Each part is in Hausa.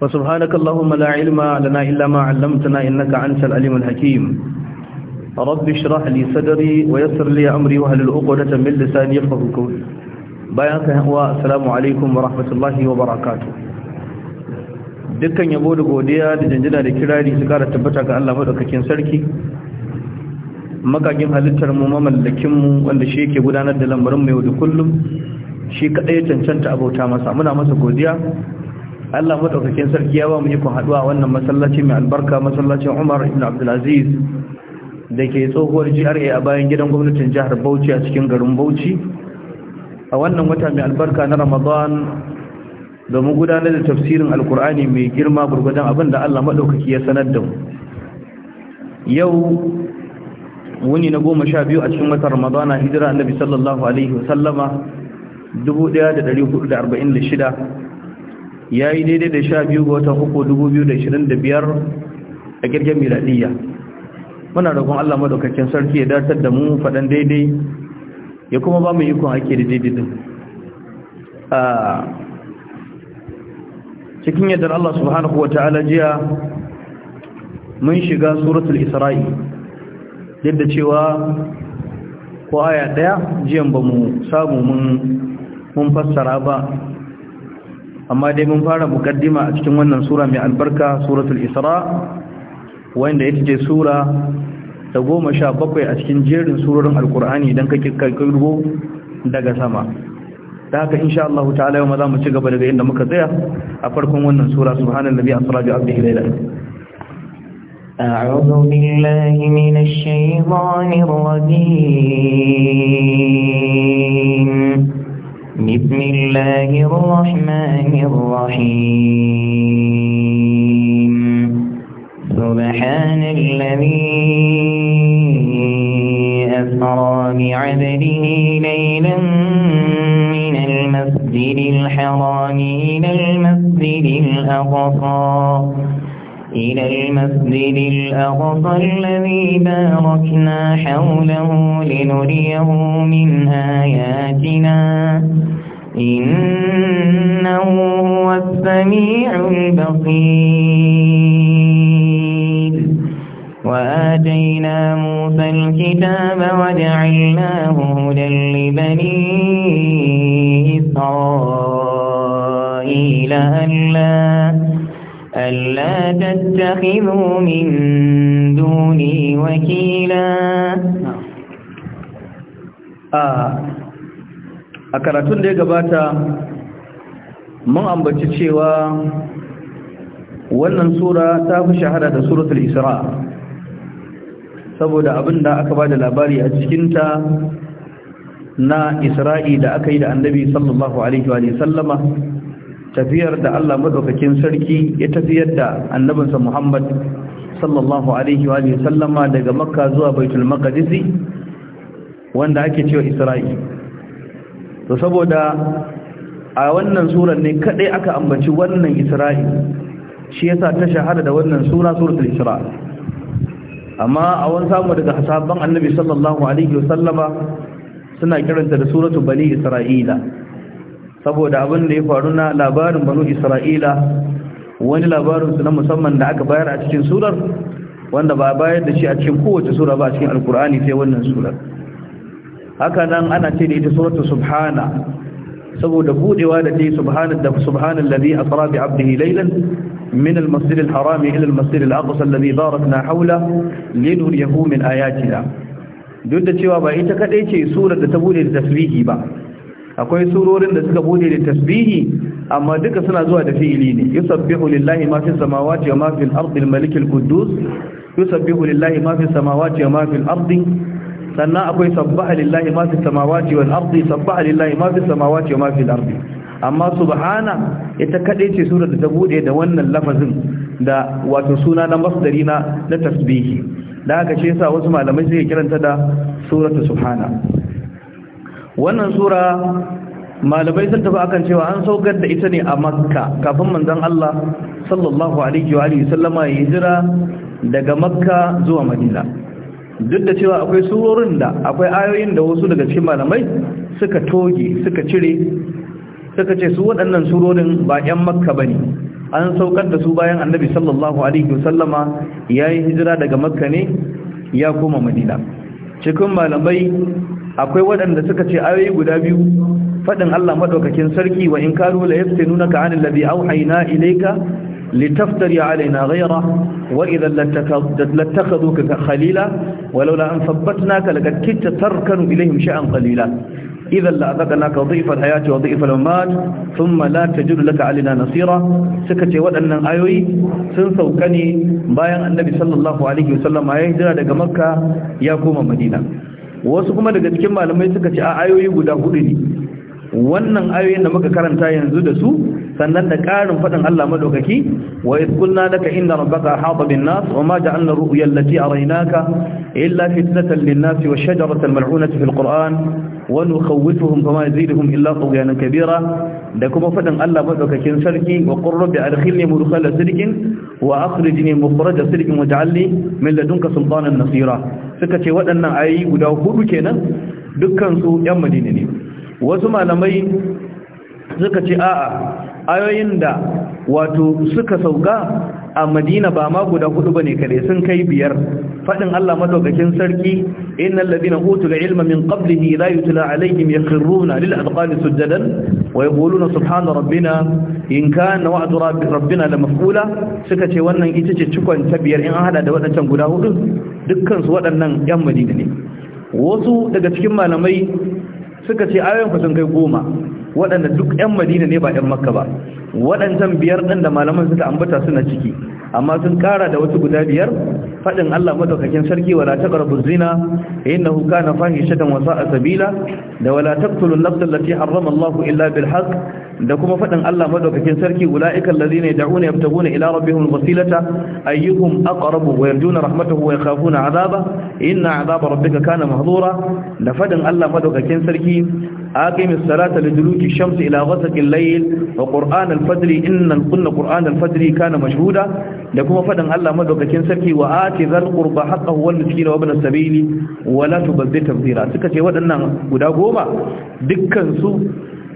وسبحانك اللهم لا علم لنا إلا ما علمتنا إنك أنت العليم الحكيم رب اشرح لي صدري ويسر لي أمري وهل الأقودة من لساني يفقه قولي بياك هو السلام عليكم ورحمة الله وبركاته dukkan yabo da godiya da jinjina da kirari su kara tabbata ga Allah madaukakin sarki Magagin halittar mu mamallakin mu wanda shi yake gudanar da lamarin mu yau da kullum shi kadai cancanta abota masa muna masa godiya Allah madaukakin sarki ya ba mu ikon haduwa wannan masallaci mai albarka masallacin Umar ibn Abdul Aziz dake tsohuwar GRA a bayan gidan gwamnatin jihar Bauchi a cikin garin Bauchi a wannan wata mai albarka na Ramadan domin gudanar da tafsirin Alkur'ani mai girma gurgudan abin da Allah madaukaki ya sanar da mu yau wuni na goma sha biyu a cikin watan Ramadana hijira Annabi sallallahu alaihi wasallama 1446 ya yi daidai da sha biyu ga watan uku dubu biyu da ishirin da biyar a girgin miladiyya muna roƙon allah madaukakin sarki ya datar da mu faɗan daidai ya kuma ba mu yi kun ake da daidai din a cikin yadda allah subhanahu wa ta'ala jiya mun shiga suratul isra'i yadda cewa ko aya ɗaya jiyan ba mu samu mun fassara ba amma dai mun fara mukaddima a cikin wannan sura mai albarka suratul isra wanda ita ce sura ta goma sha bakwai a cikin jerin surorin alkur'ani don kake kirgo daga sama da haka insha Allah ta'ala yau ma za mu ci gaba daga inda muka tsaya a farkon wannan sura subhanallahi asra a abdihi laylan أعوذ da من بسم الله الرحمن الرحيم سبحان الذي أسرى بعبده ليلا من المسجد الحرام إلى المسجد الأقصى إلى المسجد الأقصى الذي باركنا حوله لنريه من آياتنا إنه هو السميع البصير وآتينا موسى الكتاب وجعلناه هدى لبني إسرائيل أن ألا تتخذوا من دوني وكيلا a karatun da ya gabata mun ambaci cewa wannan sura ta fi shahara da suratul isra saboda abin da aka ba da labari a cikinta na isra'i da aka yi da annabi sallallahu alaihi wa sallama tafiyar da Allah madaukakin sarki ya tafiyar da annabinsa Muhammad sallallahu alaihi wa sallama daga Makka zuwa Baitul Maqdis wanda ake cewa Isra'i to saboda a wannan surar ne kadai aka ambaci wannan Isra'i shi yasa ta shahara da wannan sura suratul Isra amma a wani samu daga sahabban annabi sallallahu alaihi wa sallama suna kiranta da suratul Bani Isra'ila saboda abin da ya faru na labarin banu isra'ila wani labarin na musamman da aka bayar a cikin surar wanda ba bayar da shi a cikin kowace sura ba a cikin alkur'ani sai wannan surar haka nan ana ce da ita suratu subhana saboda budewa da ta yi subhanan da subhanan ladhi asra bi abdihi laylan min al-masjid ila al-masjid alladhi barakna hawla linuriyahu min ayatina duk da cewa ba ita kadai ce surar da ta bude da tasbihi ba akwai surorin da suka bude da tasbihi amma duka suna zuwa da fi'ili ne yusabbihu lillahi ma fi samawati wa ma fil ardi al-malik al-quddus yusabbihu lillahi ma fi samawati wa ma fil ardi sannan akwai sabbaha lillahi ma fi samawati wal ardi sabbaha lillahi ma fi samawati wa ma fil ardi amma subhana ita kadai ce surar da ta bude da wannan lafazin da wato suna na masdari na na tasbihi da haka shi yasa wasu malamai suke kiranta da suratu subhana wannan sura malamai sun tafi akan cewa an saukar da ita ne a makka kafin manzon Allah sallallahu alaihi wa alihi sallama ya hijira daga makka zuwa madina duk da cewa akwai surorin da akwai ayoyin da wasu daga cikin malamai suka toge suka cire suka ce su waɗannan surorin ba 'yan makka ba ne an saukar da su bayan annabi sallallahu alaihi sallama ya yi hijira daga makka ne ya koma madina cikin malamai akwai waɗanda suka ce ayoyi guda biyu faɗin Allah maɗaukakin sarki wa in ka la yaftinunaka 'anil ladhi awhayna ilayka litaftari 'alaina ghayra wa idhan lattakhaduka khalila walaula an thabbatnaka laqad kitta tarkanu ilayhim shay'an qalila idhan la'adaqnaka dhifa al-hayati wa dhifa al-mamat thumma la tajidu laka 'alaina nasira suka ce waɗannan ayoyi sun sauka ne bayan annabi sallallahu alaihi wasallam ya hijira daga makka ya koma madina wasu kuma daga cikin malamai suka ce a ayoyi guda hudu ne wannan ayoyin da muka karanta yanzu da su sannan da ƙarin faɗin Allah madaukaki wa iz qulna laka inna rabbaka ahata bin nas wa ma ja'alna ru'ya allati araynaka illa fitnatan lin nas wa shajaratan mal'unatan fil qur'an wa zai fama yazeeduhum illa tughyana kabira da kuma faɗin Allah madaukakin sarki wa qurrabi adkhilni mudkhala sidqin wa akhrijni mukhraja sidqin waj'alni min ladunka sultanan nasira suka ce wadannan ayi guda hudu kenan dukkan su yan ne wasu malamai suka ce a'a ayoyin da wato suka sauka a madina ba ma guda hudu ba ne kare sun kai biyar faɗin allah madaukakin sarki innal ladina utul ilma min qablihi la yutla alaihim yakhruna lil adqani sujadan wa yaquluna subhana rabbina in kana wa'du rabbina la maf'ula suka ce wannan ita ce cikon ta biyar in an hada da waɗancan guda hudu dukkan su waɗannan yan madina ne wasu daga cikin malamai suka ce ayoyin fa sun kai goma waɗanda duk yan madina ne ba yan makka ba waɗancan biyar ɗin da malaman suka ambata suna ciki amma sun ƙara da wasu guda biyar faɗin Allah madaukakin sarki wala taqrabu zina innahu kana fahishatan wa sa'a sabila da wala taqtulun nafsan allati harrama Allahu illa bil haqq da kuma faɗin Allah madaukakin sarki ulaiikal ladina yad'una yabtaguna ila rabbihimul wasilata ayyukun aqrabu wa yarjuna rahmatahu wa azaba Ina inna 'adaba ka kana mahdura da faɗin Allah madaukakin sarki aqimis salata liduluki shamsi ila ghasaqil layl wa qur'an al-fajr kunna qur'an al kana mashuda da kuma faɗin Allah madaukakin sarki wa ati zal qurba haqqahu wal miskin wa ibn as-sabili wa la tubdhir tabdhira suka ce waɗannan guda goma dukkansu.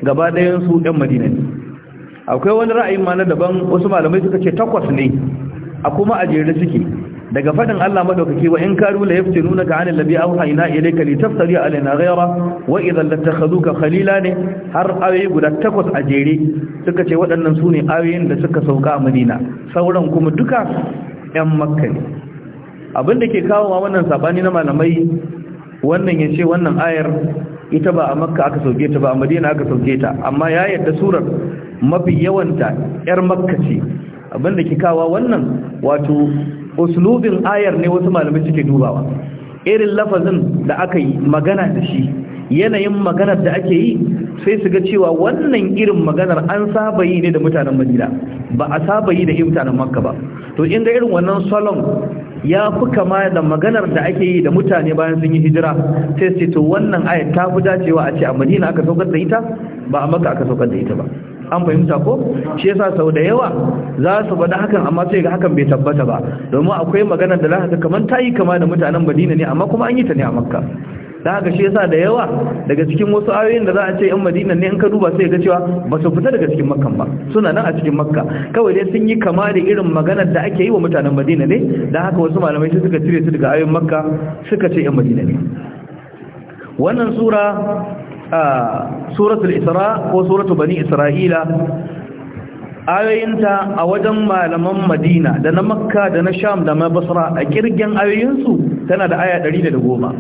gaba ɗayan su ɗan madina ne akwai wani ra'ayin ma na daban wasu malamai suka ce takwas ne a kuma a jere suke daga fadin Allah madaukake wa in karu la yaftinuna ka anil ladhi awhayna ilayka litaftari alaina ghayra wa idhan latakhaduka khalila ne har ayoyi guda takwas a jere suka ce waɗannan su ne ayoyin da suka sauka a Madina sauran kuma duka ƴan Makka ne abinda ke kawo ma wannan sabani na malamai wannan yace wannan ayar ita ba a makka aka sauke ta ba a madina aka sauke ta amma ya yadda surar mafi yawanta yar makka ce abinda ke kawa wannan wato uslubin ayar ne wasu malamai suke dubawa irin lafazin da aka yi magana da shi yanayin maganar da ake yi sai su ga cewa wannan irin maganar an saba yi ne da mutanen madina ba a saba yi da mutanen makka ba to inda irin wannan salon ya fi kama da maganar da ake yi da mutane bayan sun yi hijira sai sai to wannan ayat ta fi dacewa a ce a madina aka saukar da ita ba a maka aka saukar da ita ba an fahimta ko shi yasa sau da yawa za su faɗi hakan amma sai ga hakan bai tabbata ba domin akwai maganar da za ka kamar ta yi kama da mutanen madina ne amma kuma an yi ta ne a makka da haka shi yasa da yawa daga cikin wasu ayoyin da za a ce yan madina ne in ka duba sai ga cewa ba su fita daga cikin makkan ba suna nan a cikin makka kawai dai sun yi kama da irin maganar da ake yi wa mutanen madina ne da haka wasu malamai suka cire su daga ayoyin makka suka ce yan madina ne wannan sura suratul isra ko suratul bani isra'ila ayoyinta a wajen malaman madina da na makka da na sham da na basra a kirgin ayoyinsu tana da aya ɗari da goma.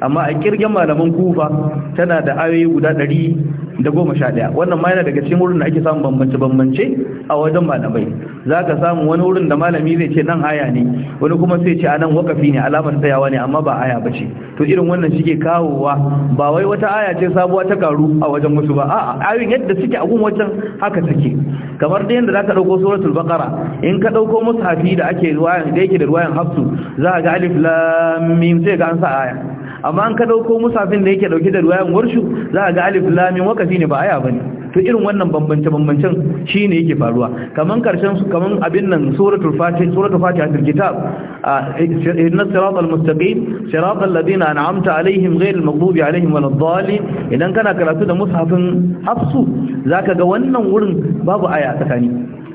amma a kirgen malaman kufa tana da ayoyi guda ɗari da goma sha ɗaya wannan ma yana daga cikin wurin da ake samun bambance-bambance a wajen malamai za ka samu wani wurin da malami zai ce nan aya ne wani kuma sai ce a nan wakafi ne alamar tsayawa ne amma ba aya ba ce to irin wannan shi ke kawowa ba wai wata aya ce sabuwa ta karu a wajen wasu ba a'a ayoyin yadda suke a gun wajen haka suke kamar da yadda za ka ɗauko suratul baqara in ka ɗauko hafi da ake da yake da ruwayan hafsu za a ga alif lam mim sai ga an sa aya amma an ka dauko musafin da yake dauke da ruwayan warshu za ga alif lam mim waqafi ne ba aya bane to irin wannan bambance bambancen shine yake faruwa kaman karshen su kaman abin nan suratul fatih suratul fatih fil kitab inna siratal mustaqim siratal ladina an'amta alaihim ghayril maghdubi alaihim waladdallin idan kana karatu da mushafin hafsu zaka ga wannan wurin babu aya tsakani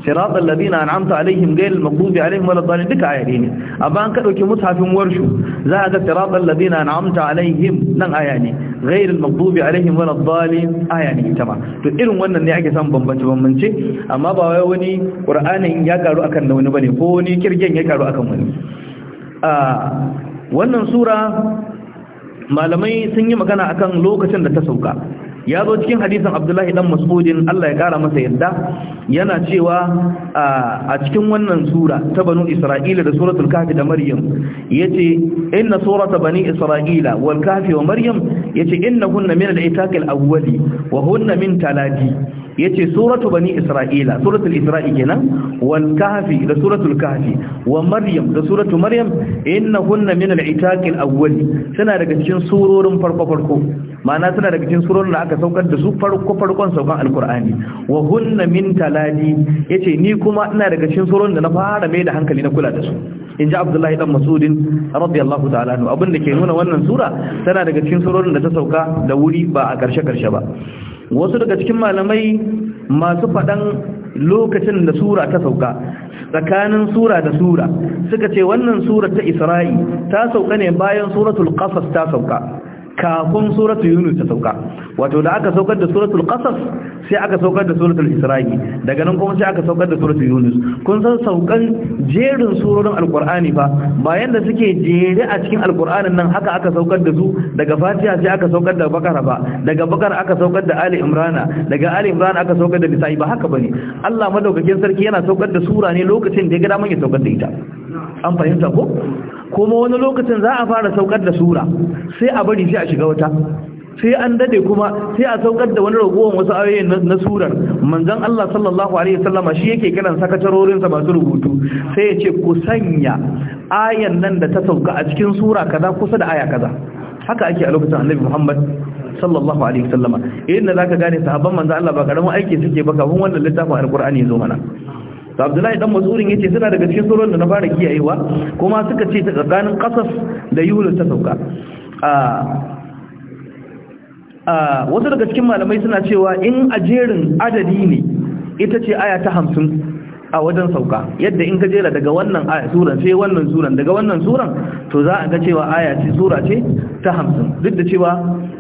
صراط الذين انعمت عليهم غير المغضوب عليهم ولا الضالين duka ayati ne amma an ka dauki mushafin warshu za ka ga صراط الذين انعمت عليهم nan ayani غير المغضوب عليهم ولا الضالين ayani ita to irin wannan ne ake samun bambance bambance amma ba wai wani qur'anin ya karu akan da wani bane ko ni kirgen ya karu akan wani a wannan sura malamai sun yi magana akan lokacin da ta sauka ya zo cikin hadisin abdullahi dan mas'udin Allah ya kara masa yadda yana cewa a cikin wannan sura ta banu isra'ila da suratul kafi da maryam yace inna surata bani isra'ila wal wa maryam yace innahunna min al-itaqil awwali wa hunna min taladi yace suratu bani isra'ila suratul isra'i kenan wal kahfi da suratul kahfi wa maryam da suratu maryam innahunna min al-itaqil awwal suna daga cikin surorin farko farko ma'ana suna daga cikin surorin da aka saukar da su farko farkon saukan alqur'ani wa hunna min taladi yace ni kuma ina daga cikin surorin da na fara mai da hankali na kula da su inji abdullahi dan masudin radiyallahu ta'ala anhu abin da ke nuna wannan sura tana daga cikin surorin da ta sauka da wuri ba a karshe karshe ba wasu daga cikin malamai masu faɗan lokacin da sura ta sauka tsakanin sura da sura suka ce wannan sura ta isra'i ta sauka ne bayan suratul qasas ta sauka kafin suratu yunus ta sauka wato da aka saukar da suratul qasas sai aka saukar da suratul isra'i daga nan kuma sai aka saukar da suratul yunus kun san saukan jerin surorin alqur'ani fa bayan da suke jere a cikin alqur'anin nan haka aka saukar da su daga fatiha sai aka saukar da bakara ba daga bakara aka saukar da ali imrana daga ali imrana aka saukar da nisa'i ba haka bane Allah madaukakin sarki yana saukar da sura ne lokacin da ya ga daman ya saukar da ita an fahimta ko kuma wani lokacin za a fara saukar da sura sai a bari sai a shiga wata sai an dade kuma sai a saukar da wani ragowar wasu ayoyin na surar manzon Allah sallallahu alaihi wasallama shi yake kiran sakatarorinsa masu rubutu sai ya ce ku sanya ayan nan da ta sauka a cikin sura kaza kusa da aya kaza haka ake a lokacin Annabi Muhammad sallallahu alaihi wasallama idan da zaka gane sahabban manzon Allah ba karamin aiki suke ba kafin wannan littafin alqur'ani zo mana to abdullahi dan masurin yace suna daga cikin surorin da na fara kiyayewa kuma suka ce ta tsakanin qasas da yuhul ta sauka a wasu daga cikin malamai suna cewa in a jerin adadi ne ita ce aya ta hamsin a wajen sauka yadda in ka jera daga wannan aya suran sai wannan suran daga wannan suran to za a ga cewa aya ce sura ce ta hamsin duk da cewa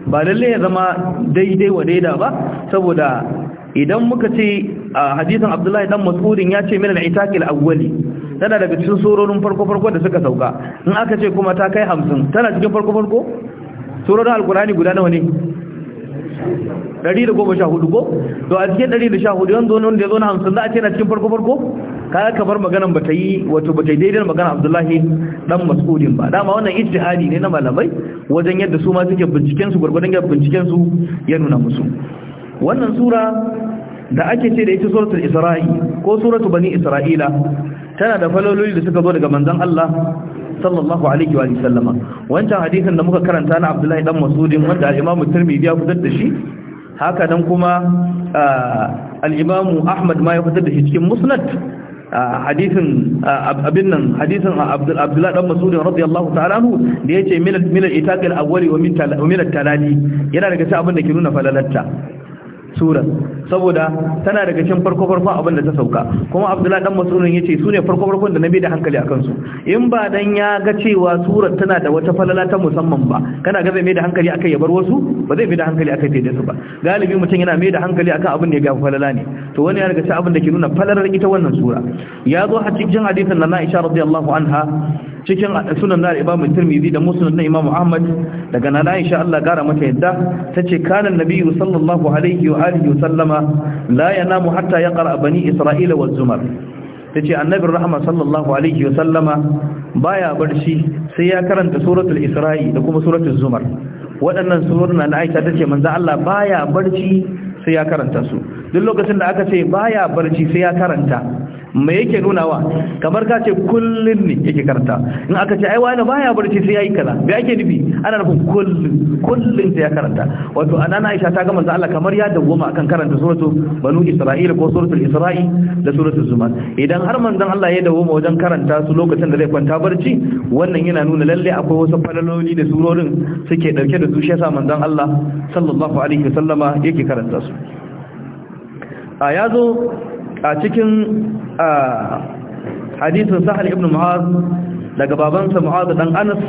ba lalle ya zama daidai wa daida ba saboda idan muka ce a hadisin abdullahi dan mas'udin ya ce min al-itaqil awwali tana daga cikin surorin farko farko da suka sauka in aka ce kuma ta kai 50 tana cikin farko farko surorin alqur'ani guda nawa ne 114 ko to a cikin 114 yanzu wani da ya zo na 50 za a ce na cikin farko farko Kaya kamar maganan bata yi wato bata daidai magana Abdullahi dan Mas'udin ba dama wannan ijtihadi ne na malamai wajen yadda su ma suke binciken su gurgurdan binciken su ya nuna musu wannan sura da ake ce da ita suratul isra'i ko suratul bani isra'ila tana da falololi da suka zo daga manzon Allah sallallahu alaihi wa sallama wancan hadisin da muka karanta na Abdullahi dan Mas'udin wanda al-Imam Tirmidhi ya fitar da shi haka dan kuma al-Imam Ahmad ma ya fitar da shi cikin Musnad hadisin abin nan hadisin Abdullahi dan Mas'udin radiyallahu ta'ala anhu da yace min min al-itaq al-awwali wa min talali yana daga cikin abin da ke nuna falalatta surar saboda tana daga cikin farko farko abin da ta sauka kuma abdullahi dan mas'ulun yace su ne farko farkon da nabi da hankali akan su in ba dan ya ga cewa surar tana da wata falala ta musamman ba kana ga zai mai da hankali akai ya bar wasu ba zai mai da hankali akai sai da su ba galibi mutum yana mai da hankali akan abin da ya ga falala ne to wani ya daga cewa abin da ke nuna falalar ita wannan sura ya zo a cikin hadisin na Aisha radiyallahu anha cikin sunan na Imam Tirmidhi da Muslim na Imam Ahmad daga nan Aisha Allah gara mata yadda tace kana nabiyyu sallallahu alaihi wa alihi wa sallama la yanamu hatta yaqra bani isra'ila wal zumar tace annabi rahma sallallahu alaihi wa sallama baya barci sai ya karanta suratul isra'i da kuma suratul zumar waɗannan suruna na Aisha tace manzo Allah baya barci sai ya karanta su duk lokacin da aka ce baya barci sai ya karanta mai yake nunawa kamar ka ce kullum ne yake karanta in aka ce ai wani baya barci sai yayi kaza me ake nufi ana nufin kullum kullum sai ya karanta wato ana na Aisha ta ga manzo Allah kamar ya dawoma akan karanta suratu banu Isra'ila ko suratul Isra'i da suratu Zumar idan har manzon Allah ya dawoma wajen karanta su lokacin da zai kwanta barci wannan yana nuna lalle akwai wasu falaloli da surorin suke dauke da zuciya sa yasa manzon Allah sallallahu alaihi wasallama yake karanta su a yazo a cikin hadisin sahal ibn ma'az daga babansa mu'az dan anas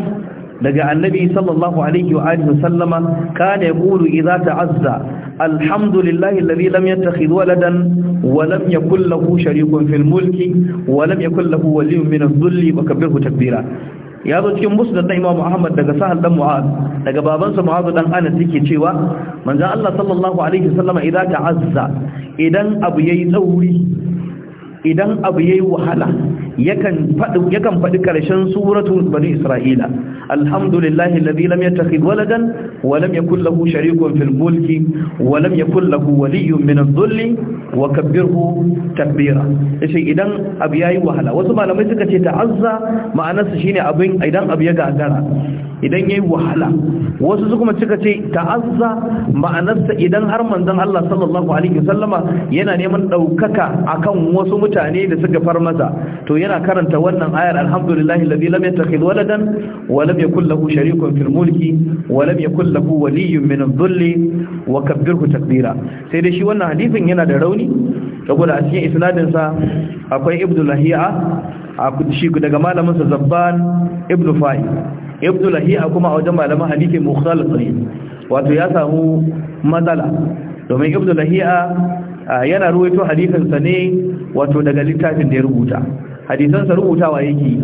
daga annabi sallallahu alaihi wa alihi sallama kana yaqulu idza ta'azza alhamdulillahi alladhi lam yattakhidh waladan wa lam yakul lahu sharikun fil mulki wa lam yakul lahu waliyyun min adh-dhulli wa kabbirhu takbira ya zo cikin musnad na Imam Muhammad daga Sahal dan Mu'az daga babansa Mu'az dan Anas yake cewa manzo Allah sallallahu alaihi wasallam idan ta'azza idan abu yayi tsauri idan abu ya yi wahala yakan faɗi yakan faɗi ƙarshen suratul bani isra'ila alhamdulillahi alladhi lam tafi waladan walam ya yakul lahu sharikun fil mulki wa lam yakul lahu waliyyun min adh wa kabbirhu takbira yace idan abu ya yi wahala wasu malamai suka ce ta'azza ma'anarsa shine abin idan abu ya gagara idan ya yi wahala wasu su kuma suka ce ta'azza ma'anarsa idan har manzon Allah sallallahu alaihi wasallama yana neman daukaka akan wasu mutane da suka far masa to yana karanta wannan ayar alhamdulillahi alladhi lam yattakhidh waladan wa lam yakul lahu sharikun fil mulki wa lam yakul lahu waliyyun min adh-dhulli wa kabbirhu takbira sai dai shi wannan hadisin yana da rauni saboda a cikin isnadin sa akwai ibnu lahiya a shi daga malamin sa zabban ibnu fa'i ibnu lahiya kuma a wajen malaman hadisi mukhalif wato ya samu matsala domin ibnu lahiya Ah, yana ruwaito hadisansa sa ne wato daga littafin da ya rubuta hadisan sa rubutawa yake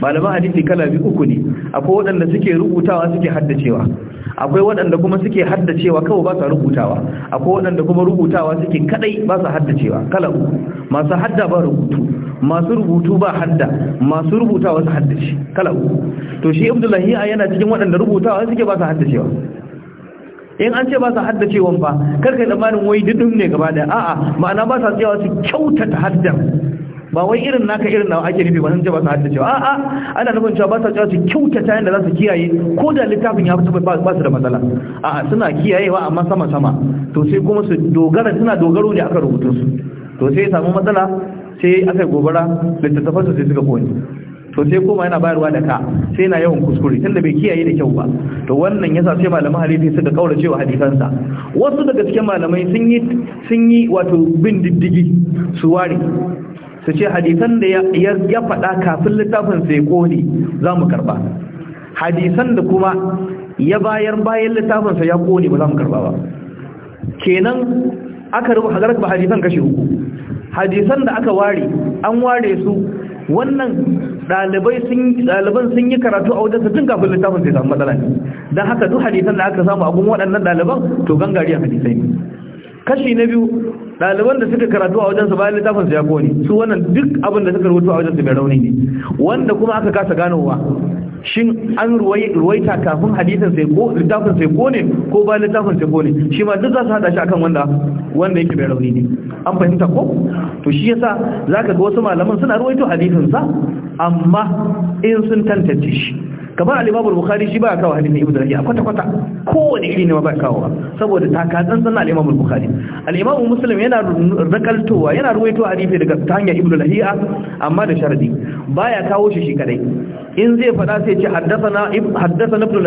malaman hadisi kala biyu uku ne akwai waɗanda suke rubutawa suke haddacewa akwai waɗanda kuma suke haddacewa kawai ba sa rubutawa akwai waɗanda kuma rubutawa suke kadai ba sa haddacewa kala uku masu hadda ba rubutu masu rubutu ba hadda masu rubutawa su haddace kala uku to shi abdullahi yana cikin waɗanda rubutawa suke ba sa haddacewa in an ce ba su haddacewan ba kar kai tsammanin wai dudum ne gaba da a'a ma'ana ba sa tsayawa su kyautata haddan ba wai irin naka irin nawa ake nufi ba sun ce ba su haddacewa a'a ana nufin cewa ba sa tsayawa su kyautata yadda za su kiyaye ko da littafin ya fito ba su da matsala a'a suna kiyayewa amma sama sama to sai kuma su dogara suna dogaro ne akan rubutun su to sai ya samu matsala sai aka gobara littattafansu sai suka koyi to sai koma yana bayarwa da ka sai yana yawan kuskure tunda bai kiyaye da kyau ba to wannan yasa sai malaman hadisi suka kaurace wa hadisansa wasu daga cikin malamai sun yi sun yi wato bin diddigi su ware su ce hadisan da ya faɗa kafin littafin sai kone za mu karba hadisan da kuma ya bayar bayan littafinsa ya kone ba za mu karba ba kenan aka rubuta hadisan kashi uku hadisan da aka ware an ware su wannan ɗaliban sun yi karatu a wajen tun kafin littafin sai samu matsala ne don haka duk hadisan da aka samu a gun waɗannan ɗaliban to gangariyar hadisai ne kashi na biyu ɗaliban da suka karatu a wajensa bayan littafin su ya kone su wannan duk abin da suka rubuta a wajensa mai rauni ne wanda kuma aka kasa ganowa shin an ruwaita kafin hadisin sai ko littafin sai kone ko bayan littafin sai kone shi ma duk za su hada shi akan wanda wanda yake mai rauni ne an fahimta ko to shi yasa zaka ga wasu malaman suna ruwaito hadisin sa amma in sun tantance shi kamar al-Imam bukhari shi ba kawo hadisin Ibnu a kwata kwata kowane iri ne ba kawo saboda taka tsantsan al-Imam bukhari al Muslim yana rakaltowa yana ruwaito hadisi daga ta hanyar Ibn amma da sharadi baya kawo shi shi kadai in zai fada sai ya ce haddathana haddathana Ibnu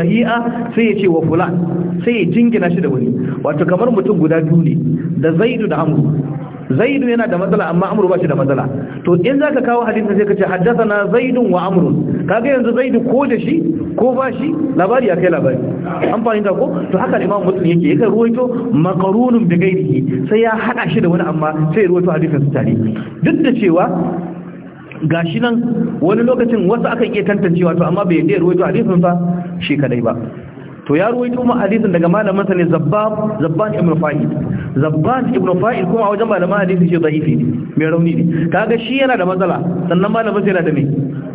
sai ya ce wa fulan sai ya jingina shi da wani wato kamar mutum guda biyu ne da zaidu da Amr zaidu yana da matsala amma amru ba shi da matsala to in zaka kawo hadisin sai ka ce haddathana zaidun wa amru kaga yanzu zaidu ko da shi ko ba shi labari ya kai labari an fahimta ko to haka imam muslim yake yake ruwaito maqrunun bi ghairihi sai ya hada shi da wani amma sai ruwaito hadisin su tare duk da cewa gashi nan wani lokacin wasu akan iya tantancewa to amma bai yadda ruwaito hadisin sa shi kadai ba to ya ruwaito mu hadisin daga malamin sa ne zabbab zabban ibn fa'il zabban ibn fa'il kuma a wajen malaman hadisi shi da'ifi ne mai rauni ne kaga shi yana da matsala sannan malamin sa yana da me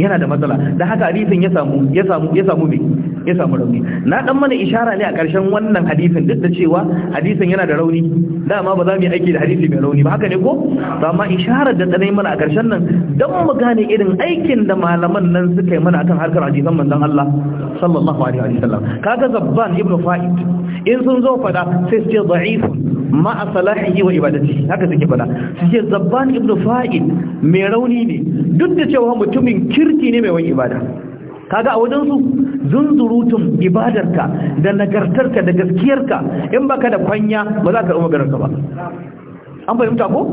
yana da matsala da haka hadisin ya samu ya samu ya samu me ya samu rauni na dan mana ishara ne a ƙarshen wannan hadisin duk da cewa hadisin yana da rauni dama ba za mu yi aiki da hadisi mai rauni ba haka ne ko amma isharar da tsanai mana a ƙarshen nan don mu gane irin aikin da malaman nan suka yi mana akan harkar hadisan manzon Allah sallallahu alaihi wa sallam kaga sabban ibn fa'id in sun zo fada sai su ce da'ifun ma a wa ibadati haka suke fada su ce zabban ibn fa'id mai rauni ne duk da cewa mutumin kirki ne mai wani ibada kaga a su zunzurutun ibadarka da nagartarka da gaskiyarka in baka da kwanya ba za ka ɗau maganarka ba an fahimta ko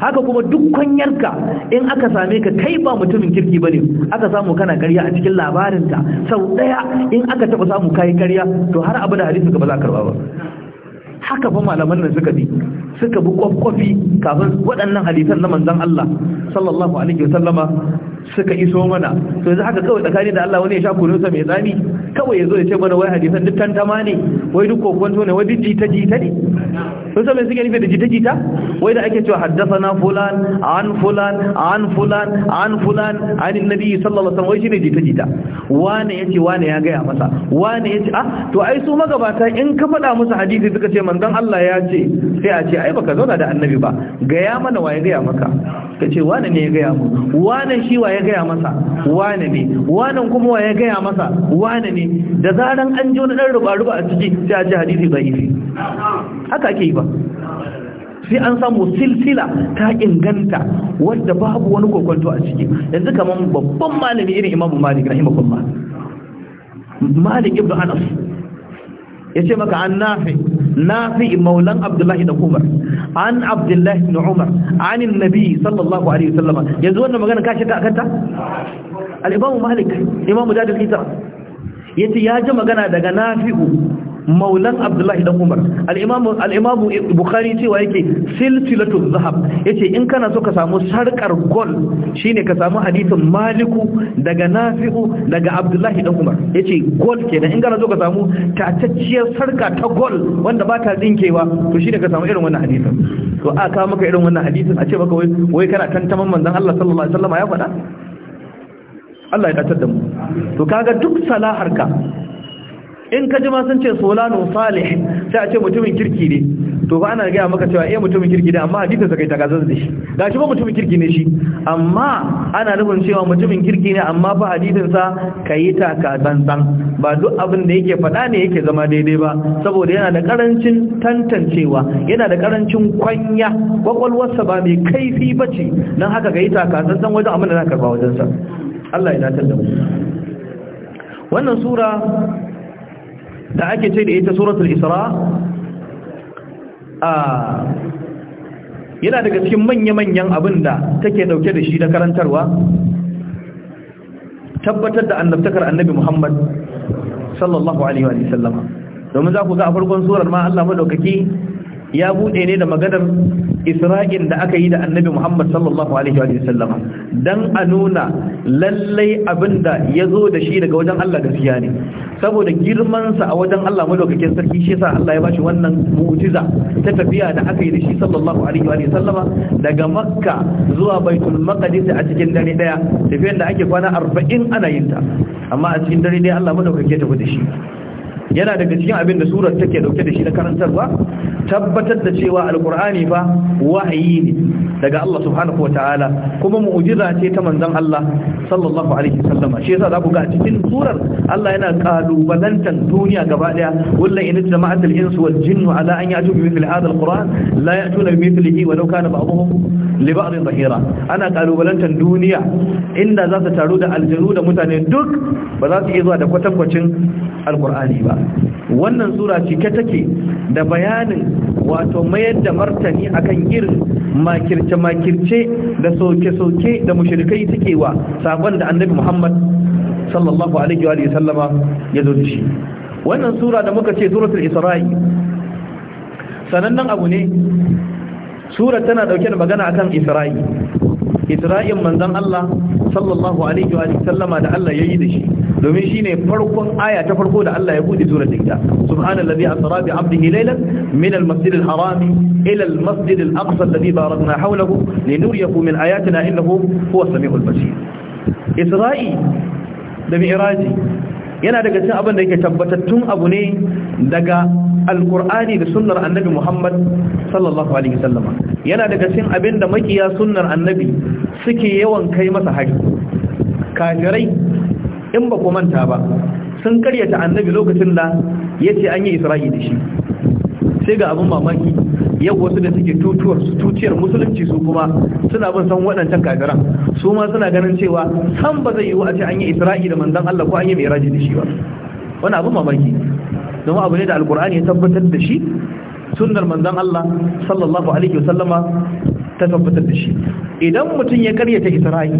haka kuma duk kwanyarka in aka same ka kai ba mutumin kirki bane aka samu kana ƙarya a cikin labarin labarinta sau ɗaya in aka taɓa samu kayi ƙarya to har abu da hadisi ka ba za karba ba haka fa malaman nan suka bi suka bi kwafkwafi kafin waɗannan hadisan na manzon Allah sallallahu alaihi wasallama suka iso mana to yanzu haka kawai tsakani da Allah wani ya sha kununsa mai tsami kawai yazo ya ce mana wai hadisan duk tantama ne wai duk kokonto ne wai duk jita jita ne to sai mai suke nufi da jita jita wai da ake cewa haddathana fulan an fulan an fulan an fulan an annabi sallallahu alaihi wasallam wai shine jita jita wani yace wani ya gaya masa wani yace ah to ai su magabata in ka faɗa musu hadisi suka ce manzon Allah ya ce sai a ce ai baka zauna da annabi ba gaya mana waye gaya maka kace wani ne ya gaya mu Wani shi waye ya gaya masa wane ne wanan kuma wa ya gaya masa wane ne da zaran an ji wani ɗan ruba-ruba a ciki sai a ji hadisi da yi haka ke yi ba sai an samu silsila ta inganta wadda babu wani kokonto a ciki yanzu kamar babban malami irin imamu malik rahimahullah malik ibn anas yace maka an nafi nafi maulan abdullahi da umar an abdullahi ibn umar an annabi sallallahu alaihi wasallam yanzu wannan magana ka ta akanta al-imam malik imam mujadid ita yace ya ji magana daga nafi'u maulan abdullahi dan umar al-imamu al-imamu bukhari cewa yake silsilatu zahab yace in kana so ka samu sarkar Shi shine ka samu hadisin maliku daga nafi'u daga abdullahi dan umar yace gol kenan in kana so ka samu tatacciyar sarka ta gol? wanda ba ta dinkewa to shine ka samu irin wannan hadisin to a ka maka irin wannan hadisin a ce maka wai wai kana tantaman manzon Allah sallallahu alaihi wasallam ya faɗa Allah ya dace da mu to kaga duk salaharka in ka ji ma sun ce solano salih sai a ce mutumin kirki ne to ba ana gaya maka cewa eh mutumin kirki ne amma hadisin sa kai ta gazan da shi Ga shi ba mutumin kirki ne shi amma ana nufin cewa mutumin kirki ne amma ba hadisin sa kai ta ka tsantsan ba duk abin da yake faɗa ne yake zama daidai ba saboda yana da karancin tantancewa yana da karancin kwanya kwakwalwarsa ba mai kaifi bace dan haka ga ta ka tsantsan wajen abin da za ka karba wajen sa Allah ya dace da wannan sura da ake ce da ita suratul isra a yana daga cikin manya-manyan abin da take dauke da shi da karantarwa tabbatar da annabtakar annabi muhammad sallallahu alaihi wa sallama domin za ku ga a farkon surar ma allah madaukaki ya buɗe ne da maganar isra'in da aka yi da annabi muhammad sallallahu alaihi wa sallama dan a nuna lallai abinda ya zo da shi daga wajen allah gaskiya ne saboda girmansa a wajen allah madaukakin sarki shi yasa allah ya bashi wannan mutiza ta tafiya da aka yi da shi sallallahu alaihi wa sallama daga makka zuwa baitul maqdis a cikin dare daya tafiyar da ake kwana 40 ana yin ta amma a cikin dare daya allah madaukake tafi da shi yana daga cikin abin da surar take dauke da shi na karantarwa tabbatar da cewa alkur'ani fa wa'ayi ne daga Allah subhanahu wataala kuma mu'jiza ce ta manzon Allah sallallahu alaihi wasallama shi yasa zaku ga cikin surar Allah yana kalubalantan duniya gaba daya wallahi in jama'atul insu wal jinnu ala an ya'tu bi mithli hadha alquran la ya'tuna bi mithlihi walau kana ba'dhum li ba'd dhahira ana kalubalantan duniya inda za su taru da aljanu da mutane duk ba za su iya zuwa da kwatankwacin alkur'ani ba wannan sura cike take da bayanin wato mayar da martani akan irin makirce-makirce da soke-soke da mushrikai suke wa sabon da annabi Muhammad sallallahu alaihi wa sallama ya zo da shi wannan sura da muka ce suratul isra'i sanannen abu ne sura tana dauke da magana akan isra'i isra'in manzon Allah sallallahu alaihi wa sallama da Allah yayi da shi domin shi ne farkon aya ta farko da Allah ya bude sura ta ita subhanallazi asra bi 'abdihi laylan min al-masjid al-haram ila al-masjid al-aqsa alladhi barakna hawlahu linuriyahu min ayatina innahu huwa samiul basir isra'i da mi'raji yana daga cin abin da yake tabbatattun abu ne daga alkur'ani da sunnar annabi muhammad sallallahu alaihi wasallama yana daga cikin abin da makiya sunnar annabi suke yawan kai masa hari kafirai in ba manta ba sun karyata annabi lokacin da ya ce an yi isra'i da shi sai ga abin mamaki yau wasu da suke tutuwar su tuciyar musulunci su kuma suna bin san waɗancan kafiran su ma suna ganin cewa san ba zai yi a ce an yi isra'i da manzon Allah ko an yi mai da shi ba wani abin mamaki don abu ne da alkur'ani ya tabbatar da shi sunnar manzon Allah sallallahu alaihi wasallama ta tabbatar da shi idan mutum ya karyata isra'i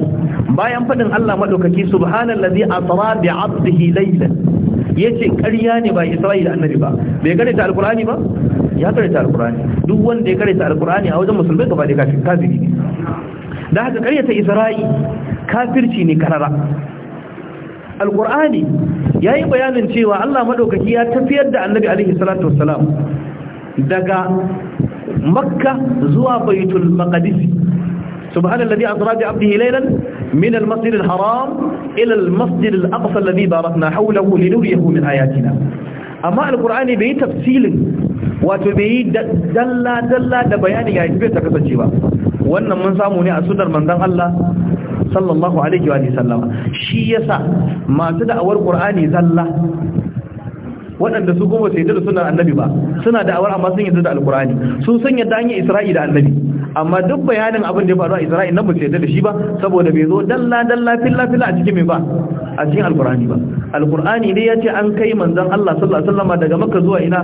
bayan fadin Allah madaukaki subhanallazi asra bi 'abdihi laylan yace ƙarya ne ba isra'i da annabi ba bai karya ta alqur'ani ba ya karyata alqur'ani duk wanda ya karyata alqur'ani a wajen musulmai gaba da kafir kafiri ne da haka karyata isra'i kafirci ne karara alqur'ani yayi bayanin cewa Allah madaukaki ya tafiyar da annabi alaihi salatu wassalam daga makka zuwa baitul maqdis subhanallazi asra bi abdihi laylan min al-masjid al-haram ila al-masjid al-aqsa alladhi barakna hawlahu linuriyahu min ayatina amma al-qur'ani bai tafsilin wato bai dalla dalla da bayani ya yi ta kasancewa. wannan mun samu ne a sunnar manzon Allah sallallahu alaihi wa sallam shi yasa masu da'awar qur'ani zalla waɗanda su kuma sai da suna annabi ba suna da'awar amma sun yadda da alkur'ani sun san yadda an yi isra'i da annabi amma duk bayanin abin da ya faru a Isra'il nan ba su yadda da shi ba saboda bai zo dalla dalla filla filla a cikin mai ba a cikin alkur'ani ba alkur'ani dai ya ce an kai manzon Allah sallallahu alaihi wasallam daga makka zuwa ina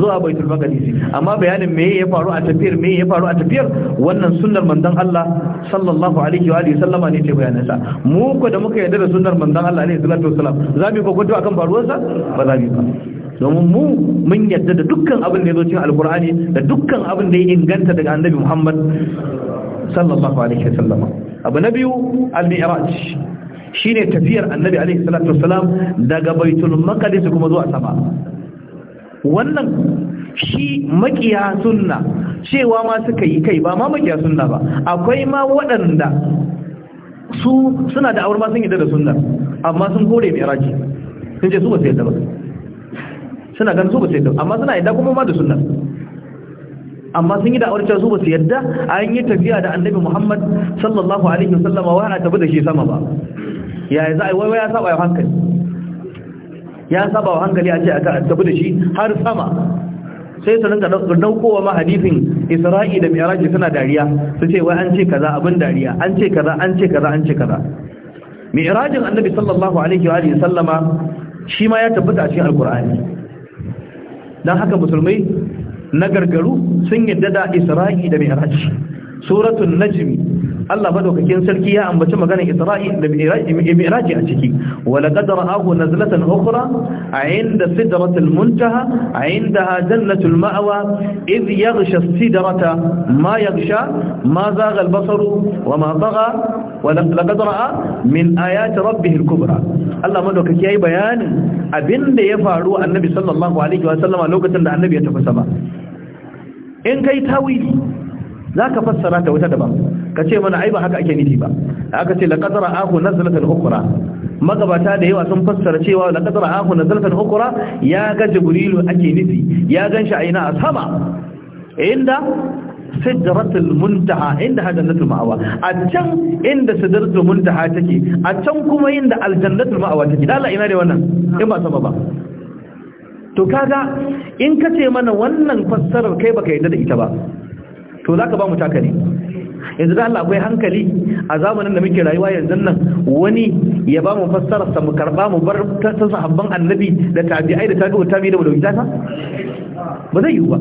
zuwa baitul maqdis amma bayanin me ya faru a tafiyar me ya faru a tafiyar wannan sunnar manzon Allah sallallahu alaihi wa alihi sallama ne ce bayanin sa mu ko da muka yarda da sunnar manzon Allah alaihi salatu wasallam mu yi gudu akan faruwar sa ba yi ba domin mu mun yadda da dukkan abin da ya zo cikin alkur'ani da dukkan abin da ya inganta daga annabi muhammad sallallahu alaihi sallama. abu na biyu al-mi'raj shine tafiyar annabi alaihi salatu wasalam daga baitul maqdis kuma zuwa sama wannan shi makiya sunna cewa ma suka yi kai ba ma makiya sunna ba akwai ma waɗanda su suna da aure ma sun yi da sunna amma sun kore mai sun ce su ba su yadda ba suna ganin su ba su yadda amma suna yadda kuma ma da sunna amma sun yi da aure su ba su yadda yin yi tafiya da annabi Muhammad sallallahu alaihi wasallam wa ana tabbata da shi sama ba yaya za a wai ya saba hankali ya saba hankali a ce aka tabbata da shi har sama sai su ringa daukowa ma hadisin Isra'i da Mi'raj suna dariya su ce wai an ce kaza abin dariya an ce kaza an ce kaza an ce kaza Mi'rajin annabi sallallahu alaihi wa alihi sallama shi ma ya tabbata a cikin Alkur'ani don haka musulmai na gargaru sun yadda da isra'i da haraci suratul najmi Allah madaukakin sarki ya ambaci maganar Isra'i da Mi'raji a ciki wa laqad ra'ahu nazlatan ukhra 'inda sidratil muntaha 'indaha jannatul ma'wa idh yaghsha as-sidrata ma yaghsha ma zagha al-basaru wa ma tagha wa laqad ra'a min ayati rabbih al-kubra Allah madaukaki yayi bayanin abinda ya faru annabi sallallahu alaihi wa sallama lokacin da annabi ya tafi sama in kai tawili za ka fassara ta wata daban ka ce mana ai ba haka ake nufi ba aka ce laqadara ahu nazlatan hukura. magabata da yawa sun fassara cewa laqadara ahu nazlatan hukura ya ga jibrilu ake nufi ya ganshi aina a sama inda sidratul muntaha inda jannatul ma'awa a can inda sidratul muntaha take a can kuma inda aljannatul ma'awa take dala ina ne wannan in ba sama ba to kaga in ka ce mana wannan fassarar kai baka yadda da ita ba to za ka ba mu taka ne yanzu da Allah akwai hankali a zamanin da muke rayuwa yanzu nan wani ya ba mu fassarar sa mu karba mu bar ta sahabban annabi da tabi'ai da tabi'u tabi'i da wadawi ta ba zai yi ba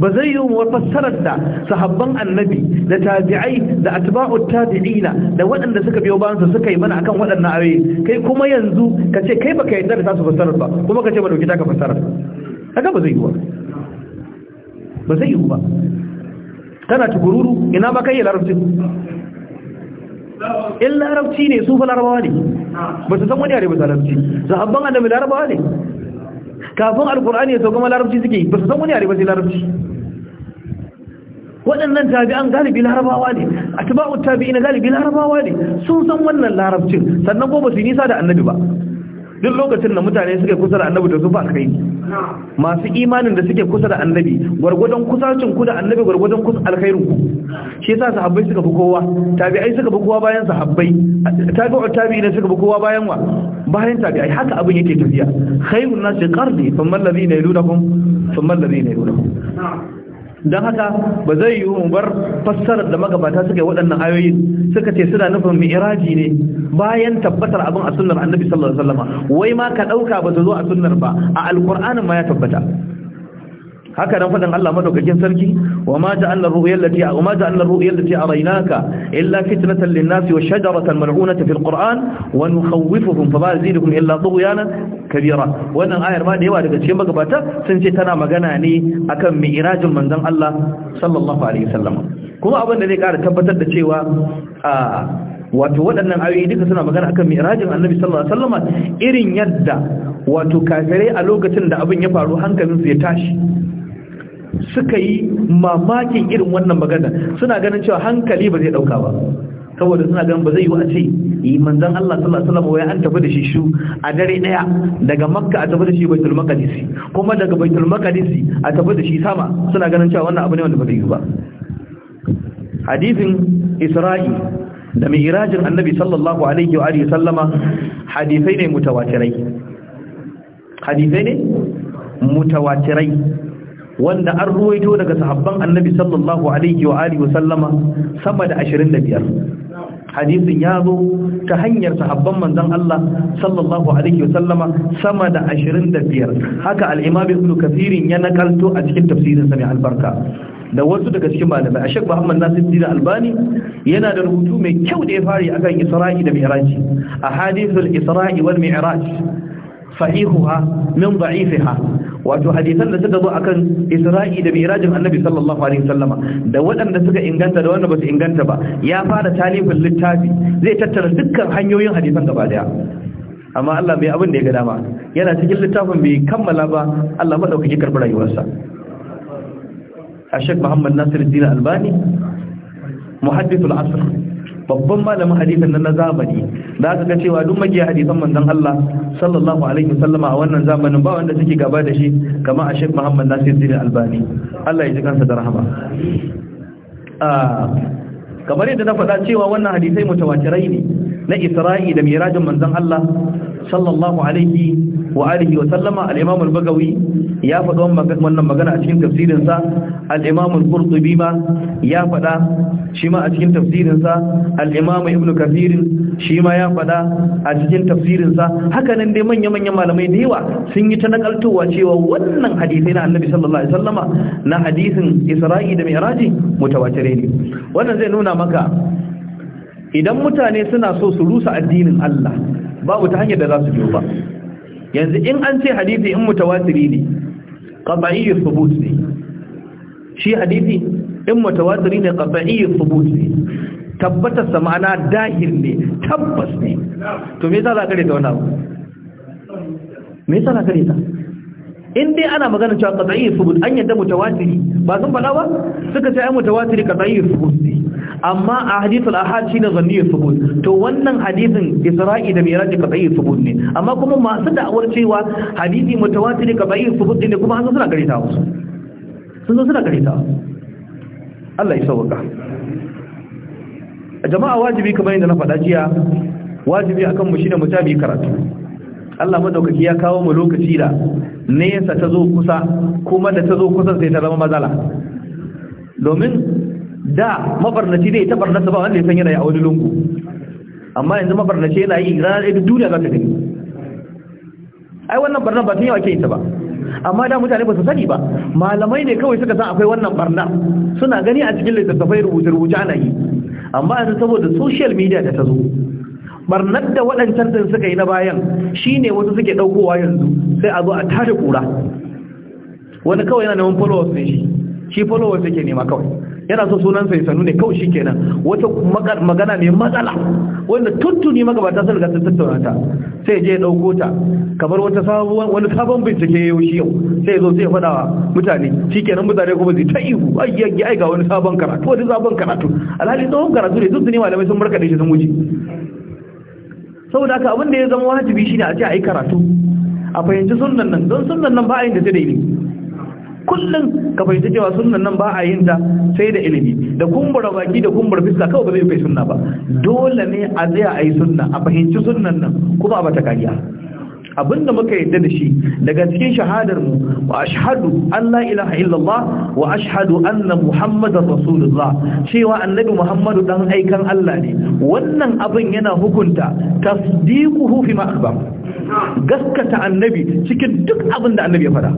ba zai yi wa fassarar da sahabban annabi da tabi'ai da atba'u tabi'ina da waɗanda suka biyo bayan su suka yi mana akan waɗannan ayoyi kai kuma yanzu ka ce kai baka yarda da su fassarar ba kuma ka ce ba dauki taka fassarar kaga ba zai yi ba ba zai yi ba Tana tukururu ina ba kai larabcin in larabci ne su fa larabawa ne ba su san wani yare ba larabci sahabban annabi larabawa ne kafin alkur'ani ya sauka ma larabci suke ba su san wani yare ba sai larabci waɗannan tabi'an galibi larabawa ne atba'u tabi'ina galibi larabawa ne sun san wannan larabcin sannan ko ba su yi nisa da annabi ba duk lokacin da mutane suka kusa da annabi da su fa ne. masu imanin da suke kusa da annabi gwargwadon kusacin ku da annabi gwargwadon kusa alkhairin ku shi yasa sahabbai suka fi kowa tabi'ai suka fi kowa bayan sahabbai tabi'u tabi'ina suka fi kowa bayan wa bayan tabi'ai haka abin yake tafiya khairun nasi qarni famman ladina yalunakum famman ladina yalunakum don haka ba zai yi mu bar fassarar da magabata suka yi waɗannan ayoyin suka ce suna nufin mi'raji ne bayan tabbatar abin a sunnar annabi sallallahu alaihi wasallam wai ma ka ɗauka ba ta zo a sunnar ba a alƙur'anin ma ya tabbata haka nan fadin Allah madaukakin sarki wa ma ja'alna ar-ru'ya allati wa ma ja'alna ar-ru'ya allati araynaka illa fitnatan lin-nasi wa shajaratan mal'unatan fil Qur'an wa nukhawwifuhum fama yazidukum illa tughyana kabira wannan ayar ma da yawa daga cikin magabata sun ce tana magana ne akan mi'rajin manzon Allah sallallahu alaihi wasallam kuma abin da zai kara tabbatar da cewa a wato waɗannan ayoyi duka suna magana akan mi'rajin annabi sallallahu alaihi wasallam irin yadda wato kafirai a lokacin da abin ya faru hankalinsu ya tashi suka yi mamakin irin wannan magana suna ganin cewa hankali ba zai dauka ba saboda suna ganin ba zai yi wa ce yi manzan Allah sallallahu alaihi wasallam an tafi da shi shu a dare daya daga Makka a tafi da shi Baitul Maqdis kuma daga Baitul Maqdis a tafi da shi sama suna ganin cewa wannan abu ne wanda ba zai yi ba hadisin Isra'i da mi'rajin Annabi sallallahu alaihi wa alihi sallama hadisai ne mutawatirai hadisai ne mutawatirai wanda an ruwaito daga sahabban annabi sallallahu alaihi wa alihi sallama sama da 25 hadisin ya zo ta hanyar sahabban manzon Allah sallallahu alaihi wa sallama sama da 25 haka al-imam ibn kathirin ya nakalto a cikin tafsirin sa mai albarka da wasu daga cikin malamai a shek muhammad nasiruddin albani yana da rubutu mai kyau da ya fari akan isra'i da mi'raj a hadithul isra'i wal mi'raj sahihuha min dha'ifiha wato hadisan da suka zo akan Isra'i da Mi'rajin Annabi sallallahu alaihi da waɗanda suka inganta da wanda ba su inganta ba ya fara talibin littafi zai tattara dukkan hanyoyin hadisan gaba daya amma Allah bai abin da ya ga dama yana cikin littafin bai kammala ba Allah madaukaki karɓi rayuwarsa Sheikh Muhammad Nasiruddin Albani muhaddithul asr babban malamin hadisin nan na zamani da aka ga cewa duk magiya hadisan manzon Allah sallallahu alaihi wasallama a wannan zamanin ba wanda suke gaba da shi kamar a Sheikh Muhammad Dini Albani Allah ya ji kansa da rahama ah, kamar yadda na faɗa cewa wannan hadisai mutawatirai ne na Isra'i da Mirajin manzon Allah sallallahu alaihi wa alihi wa sallama al-Imam al-Bagawi ya faɗa wannan magana a cikin tafsirin sa al-Imam al-Qurtubi ma ya faɗa shi ma a cikin tafsirin sa al-Imam Ibn Kathir shi ma ya faɗa a cikin tafsirin sa haka nan dai manya-manyan malamai da yawa sun yi ta nakaltowa cewa wannan hadisi na Annabi sallallahu alaihi wasallama na hadisin Isra'i da Miraji mutawatire ne wannan zai nuna maka idan mutane suna so su rusa addinin Allah babu ta hanyar da za su biyo ba yanzu in an ce hadisi in mutawatiri ne qat'iyyus thubut ne shi hadisi in mutawatiri ne qat'iyyus thubut ne tabbatar sa ma'ana dahir ne tabbas ne to me yasa za ka rage wannan me yasa za ka rage in dai ana magana cewa qat'iyyus thubut an yadda mutawatiri ba sun fada ba suka ce ai mutawatiri qat'iyyus thubut ne amma a hadithul ahad shine zanniyu subut to wannan hadithin isra'i da miraj ka tsayi thubut ne amma kuma masu da'awar cewa hadisi mutawatir ka tsayi thubut ne kuma an suna gareta wasu sun zo suna gareta Allah ya sauka jama'a wajibi kamar yadda na faɗa jiya wajibi akan mu shine mu tabi karatu Allah madaukaki ya kawo mu lokaci da nesa ta zo kusa kuma da ta zo kusa sai ta zama matsala domin da mafarnaci zai ta barnasa ba wanda ya san yana yi a wani lungu amma yanzu mafarnaci yana yi ranar ɗaya duniya za ta gani ai wannan barna ba tun yawa ke yi ta ba amma da mutane ba su sani ba malamai ne kawai suka san akwai wannan barna suna gani a cikin littattafai rubuce-rubuce ana yi amma yanzu saboda social media da ta zo barnar da waɗancan din suka yi na bayan shine wasu suke ɗaukowa yanzu sai a zo a tada kura wani kawai yana neman followers ne shi shi followers yake nema kawai yana so sunan sai sanu ne kawai shi kenan wata magana ne matsala wanda tuntuni magabata sun riga sun tattauna ta sai je ya dauko ta kamar wata sabuwar wani sabon bincike yau shi yau sai zo sai fada mutane shi kenan mutane kuma zai ta ihu ai ya ai ga wani sabon karatu wani sabon karatu alhali tsohon karatu ne tuntuni malamai sun da shi sun wuce saboda haka abin da ya zama wajibi shine a ce a yi karatu a fahimci sunan nan don sunan nan ba a yin da ta daidai kullum ka sunan cewa sunnan nan ba a yin ta sai da ilimi da kumbura baki da kumbura fiska kawai ba zai kai sunna ba dole ne a zai a yi sunna a fahimci sunnan nan kuma a bata kariya abinda muka yadda da shi daga cikin shahadar mu wa ashhadu an la ilaha illallah wa ashhadu anna muhammadar rasulullah cewa annabi muhammadu dan aikan Allah ne wannan abin yana hukunta tasdiquhu fi ma akhbar gaskata annabi cikin duk abin da annabi ya faɗa.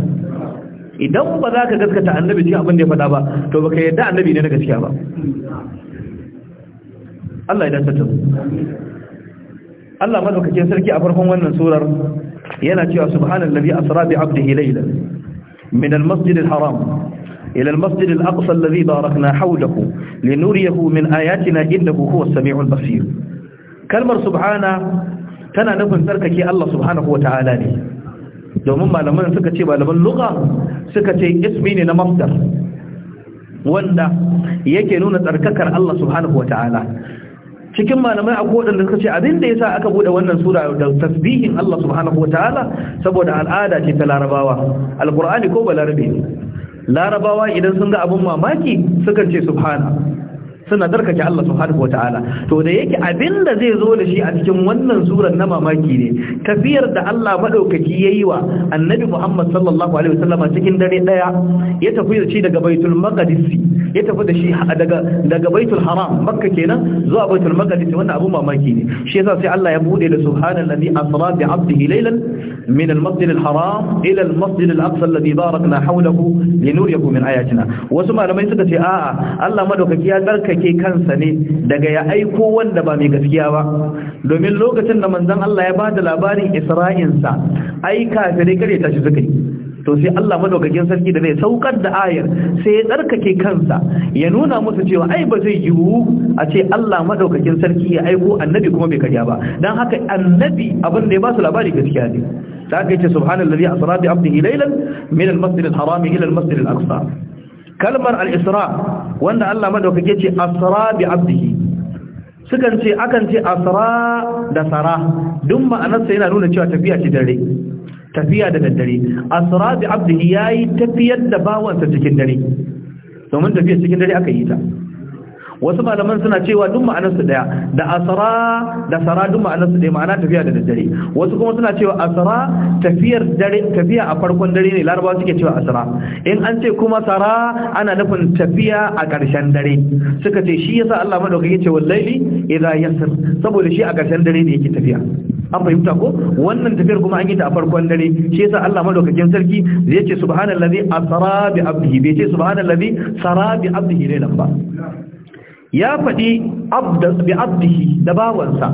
idan ba za ka gaskata annabi cikin abin da ya faɗa ba to baka yadda annabi ne na gaskiya ba Allah ya dace ta Allah madaukakin sarki a farkon wannan surar yana cewa subhanallazi asra bi 'abdihi laylan min al-masjid al-haram إلى المسجد الأقصى الذي باركنا حوله لنريه من آياتنا إنه هو السميع البصير كلمة tana nufin sarkake Allah subhanahu wa ta'ala ne domin malaman suka ce malaman luka suka ce ismi ne na mafdar wanda yake nuna tsarkakar Allah subhanahu wataala cikin malamai akwai da suka ce abin da yasa aka bude wannan sura da tasbihin Allah subhanahu wataala saboda al'ada ce ta larabawa alqur'ani ko balarabe larabawa idan sun ga abun mamaki sukan ce subhana suna darkake Allah subhanahu wataala to da yake abinda zai zo da shi a cikin wannan surar na mamaki ne tafiyar da Allah madaukaki yayi wa annabi Muhammad sallallahu alaihi wasallam cikin dare daya ya tafi da shi daga Baitul Maqdis ya tafi da shi daga daga Baitul Haram Makka kenan zuwa Baitul Maqdis wannan abu mamaki ne shi yasa sai Allah ya bude da subhanallazi asra bi 'abdihi laylan min al-masjid al-haram ila al-masjid al-aqsa alladhi barakna hawlahu linuriyakum min ayatina wasu malamai suka ce a'a Allah madaukaki ya darkake sake kansa ne daga ya aiko wanda ba mai gaskiya ba domin lokacin da manzon Allah ya bada labarin Isra'insa ai kafirai kare ta shi suka yi to sai Allah madaukakin sarki da zai saukar da ayar sai ya tsarkake kansa ya nuna musu cewa ai ba zai yiwu a ce Allah madaukakin sarki ya aiko annabi kuma bai karya ba dan haka annabi abin da ya ba su labari gaskiya ne ta ce subhanallazi asra bi abdihi laylan min al-masjid al-haram ila al-masjid al-aqsa kalmar al-isra wanda Allah madaukake ce asra bi abdihi sukan ce akan ce asra da sara duk ma'anarsa yana nuna cewa tafiya ce dare tafiya da daddare asra bi abdihi yayi tafiyar da bawansa cikin dare domin tafiya cikin dare aka yi ta wasu malaman suna cewa duk ma'anar su daya da asara da sara duk ma'anar su daya ma'ana tafiya da daddare wasu kuma suna cewa asara tafiyar dare tafiya a farkon dare ne laraba suke cewa asara in an ce kuma sara ana nufin tafiya a ƙarshen dare suka ce shi yasa Allah madaukaki cewa wallahi idza yasr saboda shi a ƙarshen dare ne yake tafiya an fahimta ko wannan tafiyar kuma an yi ta a farkon dare shi yasa Allah madaukakin sarki zai ce subhanallazi asra bi abdihi bai ce subhanallazi sara bi abdihi ne ba ya faɗi bi abdihi da bawansa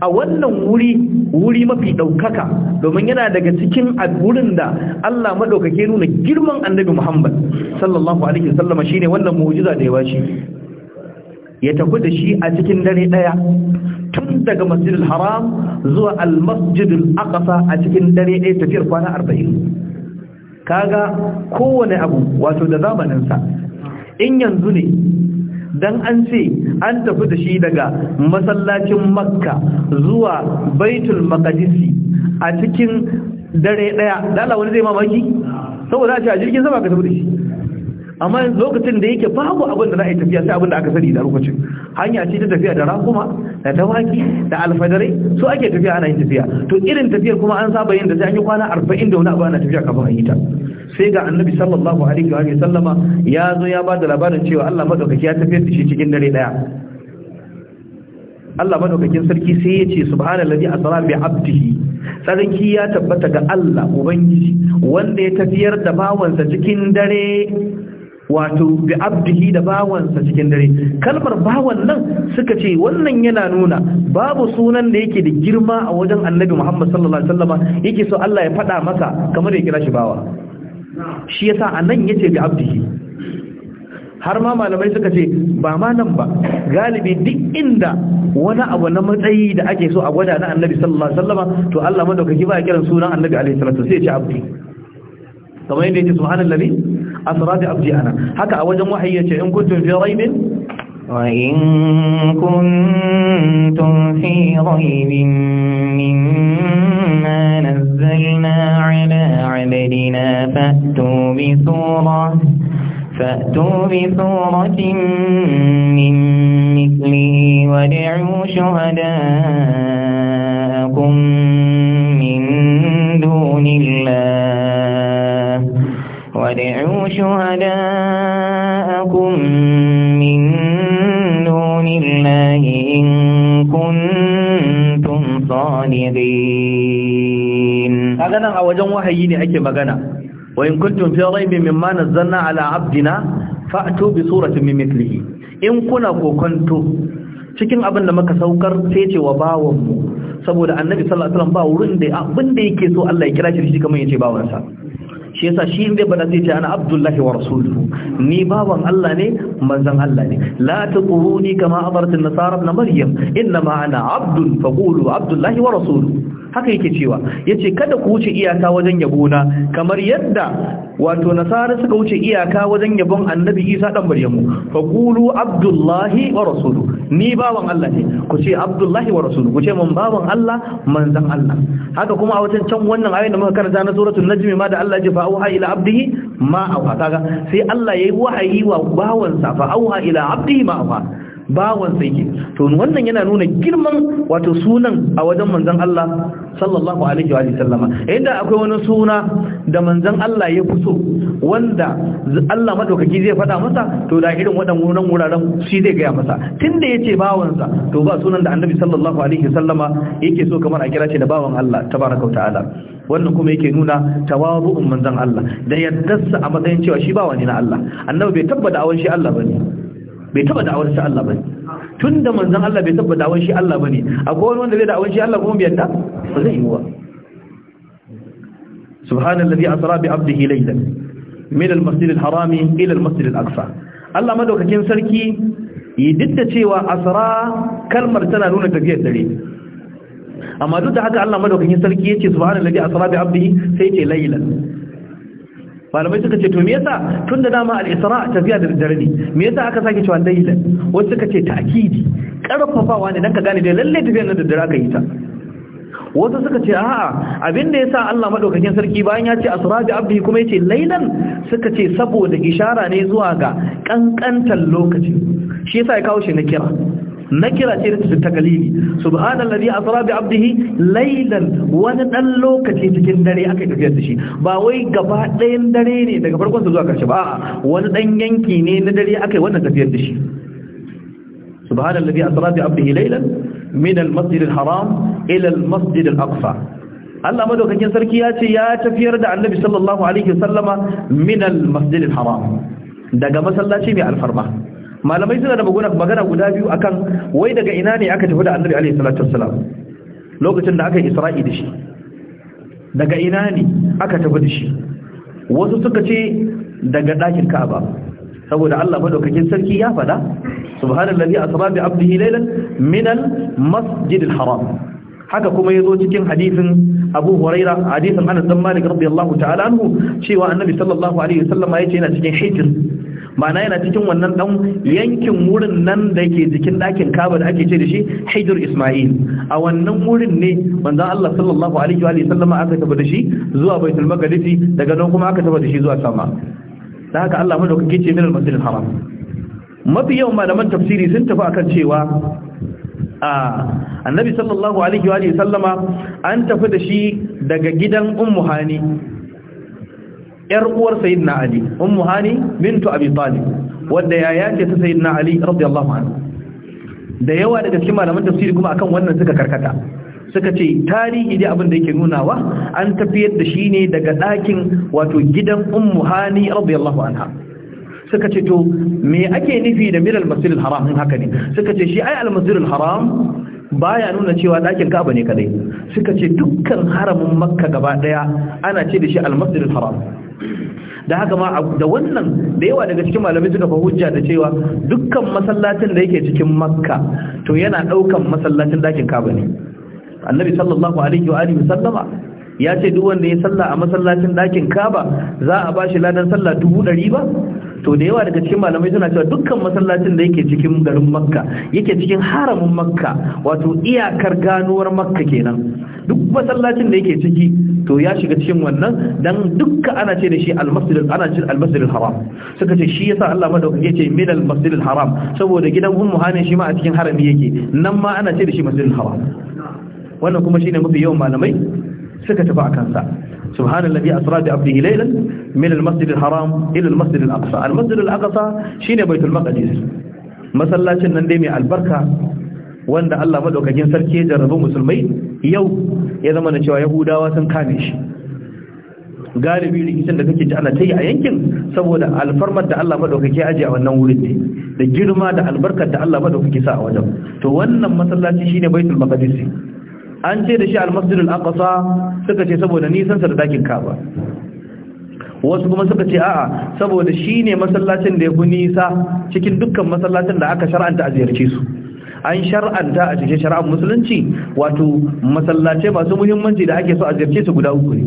a wannan wuri wuri mafi ɗaukaka domin yana daga cikin wurin da Allah maɗaukake nuna girman annabi Muhammad sallallahu alaihi wasallama ne wannan mu'jiza da ya shi. ya tafi da shi a cikin dare ɗaya tun daga masjidil haram zuwa almasjidil aqsa a cikin dare ɗaya tafiyar kwana arba'in kaga kowane abu wato da zamaninsa in yanzu ne dan an ce an tafi da shi daga masallacin makka zuwa baitul makadisi a cikin dare daya dala wani zai mamaki saboda a ce a jirgin sama ka tafi da shi amma lokacin da yake babu abin da za a yi tafiya sai abin da aka sani da lokacin hanya ce ta tafiya da rakuma da tawaki da alfadarai so ake tafiya ana yin tafiya to irin tafiyar kuma an saba yin da sai an yi kwana arba'in da wani abu ana tafiya kafin a yi ta sai ga annabi sallallahu alaihi wa sallama ya zo ya ba da labarin cewa Allah madaukaki ya tafiyar da shi cikin dare daya Allah madaukakin sarki sai ya ce subhanallazi asra bi abdihi sarki ya tabbata ga Allah ubangiji wanda ya tafiyar da bawansa cikin dare wato bi abdihi da bawansa cikin dare kalmar bawan nan suka ce wannan yana nuna babu sunan da yake da girma a wajen annabi Muhammad sallallahu alaihi wasallam yake so Allah ya faɗa masa kamar ya kira shi bawa shi yasa anan yace bi abdihi har ma malamai suka ce ba ma nan ba galibi duk inda wani abu na matsayi da ake so a gwada na annabi sallallahu alaihi wasallam to Allah madaukaki ba ya kiran sunan annabi alaihi salatu sai ya ce abdi kamar yadda yake subhanallahi أسراد abdi ana haka a wajen wahayi yace in kuntum fi وإن كنتم في ريب مما نزلنا على عبدنا فأتوا بسورة فأتوا بسورة من مثله وادعوا شهداءكم من دون الله ودعوا شهداءكم من دون الله إن كنتم صادقين أغنى أوجه وحييني أكي مغنى وإن كنتم في ريب مما نزلنا على عبدنا فأتوا بصورة من مثله إن كنا كنتم cikin abin da muka saukar sai ce wa bawon mu saboda annabi sallallahu alaihi wasallam ba wurin da abin da yake so Allah ya kira shi kamar yace bawansa shi yasa shi inda bada zai ce ana abdullahi wa rasuluhu ni bawan Allah ne manzon Allah ne la taquluni kama amarat an-nasara ibn maryam inma ana abdun faqulu abdullahi wa rasuluhu haka yake cewa yace kada ku wuce iyaka wajen yabona kamar yadda wato nasara suka wuce iyaka wajen yabon annabi Isa dan Maryamu fa qulu abdullahi wa rasulu ni bawan Allah ne ku ce abdullahi wa rasulu ku ce mun bawan Allah manzon Allah haka kuma a wajen can wannan ayoyin da muka karanta na suratul najm ma da Allah ya fa auha ila abdihi ma auha kaga sai Allah yayi wahayi wa bawansa fa auha ila abdihi ma auha bawan sai ke to wannan yana nuna girman wato sunan a wajen manzon Allah sallallahu alaihi wa sallama inda akwai wani suna da manzon Allah ya kuso wanda Allah madaukaki zai faɗa masa to da irin waɗannan wuraren shi zai gaya masa tunda yace bawansa to ba sunan da annabi sallallahu alaihi wa sallama yake so kamar a kira shi da bawan Allah tabaraka wa ta'ala wannan kuma yake nuna tawabu'un manzon Allah da yaddarsa a matsayin cewa shi bawa na Allah annabi bai tabbata awan shi Allah bane bai taba da'awar shi Allah bane tunda manzon Allah bai taba da'awar shi Allah bane akwai wanda zai da'awar shi Allah kuma bai yadda ba zai yi wa subhanallazi asra bi abdihi laylan min al-masjid al-haram ila al-masjid al-aqsa Allah madaukakin sarki yi didda cewa asra kalmar tana nuna tafiyar dare amma duk da haka Allah madaukakin sarki yace subhanallazi asra bi abdihi sai yace laylan malamai suka ce to me yasa tun da dama al-isra tafiya da daddare ne me yasa aka sake cewa laylan wasu suka ce ta'kidi karfafawa ne dan ka gane da lalle tafiyar da daddare aka yi ta wasu suka ce a'a abinda yasa Allah madaukakin sarki bayan ya ce asra bi abdi kuma yace laylan suka ce saboda ishara ne zuwa ga kankantan lokaci shi yasa ya kawo shi na kira Na nakira ce ta takalili subhanallazi asra bi abdihi laylan wani dan lokaci cikin dare aka tafiyar da shi ba wai gaba ɗayan dare ne daga farkon zuwa karshe ba wani dan yanki ne na dare aka yi wannan tafiyar da shi subhanallazi asra bi abdihi laylan min al-masjid al-haram ila al-masjid al-aqsa Allah madaukakin sarki ya ce ya tafiyar da Annabi sallallahu alaihi wasallama min al-masjid al-haram daga masallaci mai alfarma malamai suna da magana guda biyu akan wai daga ina ne aka tafi da annabi alaihi salatu wassalam lokacin da aka yi isra'i da shi daga ina ne aka tafi da shi wasu suka ce daga ɗakin ka'aba saboda Allah madaukakin sarki ya faɗa subhanallazi asra bi abdihi laylan min al-masjidil haram haka kuma yazo cikin hadisin Abu Huraira hadisin Anas bin Malik radiyallahu ta'ala anhu cewa annabi sallallahu alaihi wasallam yace yana cikin hijr ma'ana yana cikin wannan dan yankin wurin nan da yake jikin ɗakin kaba da ake ce da shi hijir isma'il a wannan wurin ne manzon Allah sallallahu alaihi wa sallama aka tafi da shi zuwa baitul maqdisi daga nan kuma aka tafi da shi zuwa sama da haka Allah ke ce min al haram mafi yawan malaman tafsiri sun tafi akan cewa annabi sallallahu alaihi wa sallama an tafi da shi daga gidan ummu hani yar uwar sayyidina ali ummu hani bintu abi talib wanda yaya ce ta sayyidina ali radiyallahu anhu da yawa daga cikin malaman tafsiri kuma akan wannan suka karkata suka ce tarihi dai abin da yake nunawa an tafiyar da shi ne daga ɗakin wato gidan ummu hani radiyallahu anha suka ce to me ake nufi da miral masjidil haram in haka ne suka ce shi ai al masjidil haram baya nuna cewa ɗakin kaba ne kadai suka ce dukkan haramin makka gaba ɗaya ana ce da shi almasjid haram da haka ma da wannan da yawa daga cikin malamai suka fa hujja da cewa dukkan masallacin da yake cikin makka to yana ɗaukan masallacin ɗakin kaba ne annabi sallallahu alaihi wa alihi sallama ya ce duk wanda ya salla a masallacin ɗakin ba, za a bashi ladan sallah dubu ɗari ba to da yawa daga cikin malamai suna cewa dukkan masallacin da yake cikin garin makka yake cikin haramin makka wato iyakar ganuwar makka kenan duk masallacin da yake ciki to ya shiga cikin wannan dan dukka ana ce da shi almasjid ana ce haram suka ce shi yasa Allah madaukake yace min almasjid haram saboda gidan ummu hanin shi ma a cikin harami yake nan ma ana ce da shi masjid haram wannan kuma shine mafi yawan malamai suka tafi akan sa سبحان الذي أسرى بعبده ليلا من المسجد الحرام إلى المسجد الأقصى المسجد الأقصى شين بيت المقدس مثلا شنن ديمي البركة wanda Allah madaukakin sarki ya jarrabu musulmai yau ya zama na cewa yahudawa sun kame shi galibi rikicin da kake ji ana ta a yankin saboda alfarmar da Allah madaukake aje a wannan wurin ne da girma da albarkar da Allah madaukake sa a wajen to wannan masallaci shine baitul maqdis an ce da shi al-masjidul aqsa suka ce saboda nisan sa da dakin kaba wasu kuma suka ce a'a saboda shine masallacin da yafi nisa cikin dukkan masallacin da aka shar'anta a ziyarce su an shar'anta a cikin shari'ar musulunci wato masallace masu muhimmanci da ake so a ziyarce su guda uku ne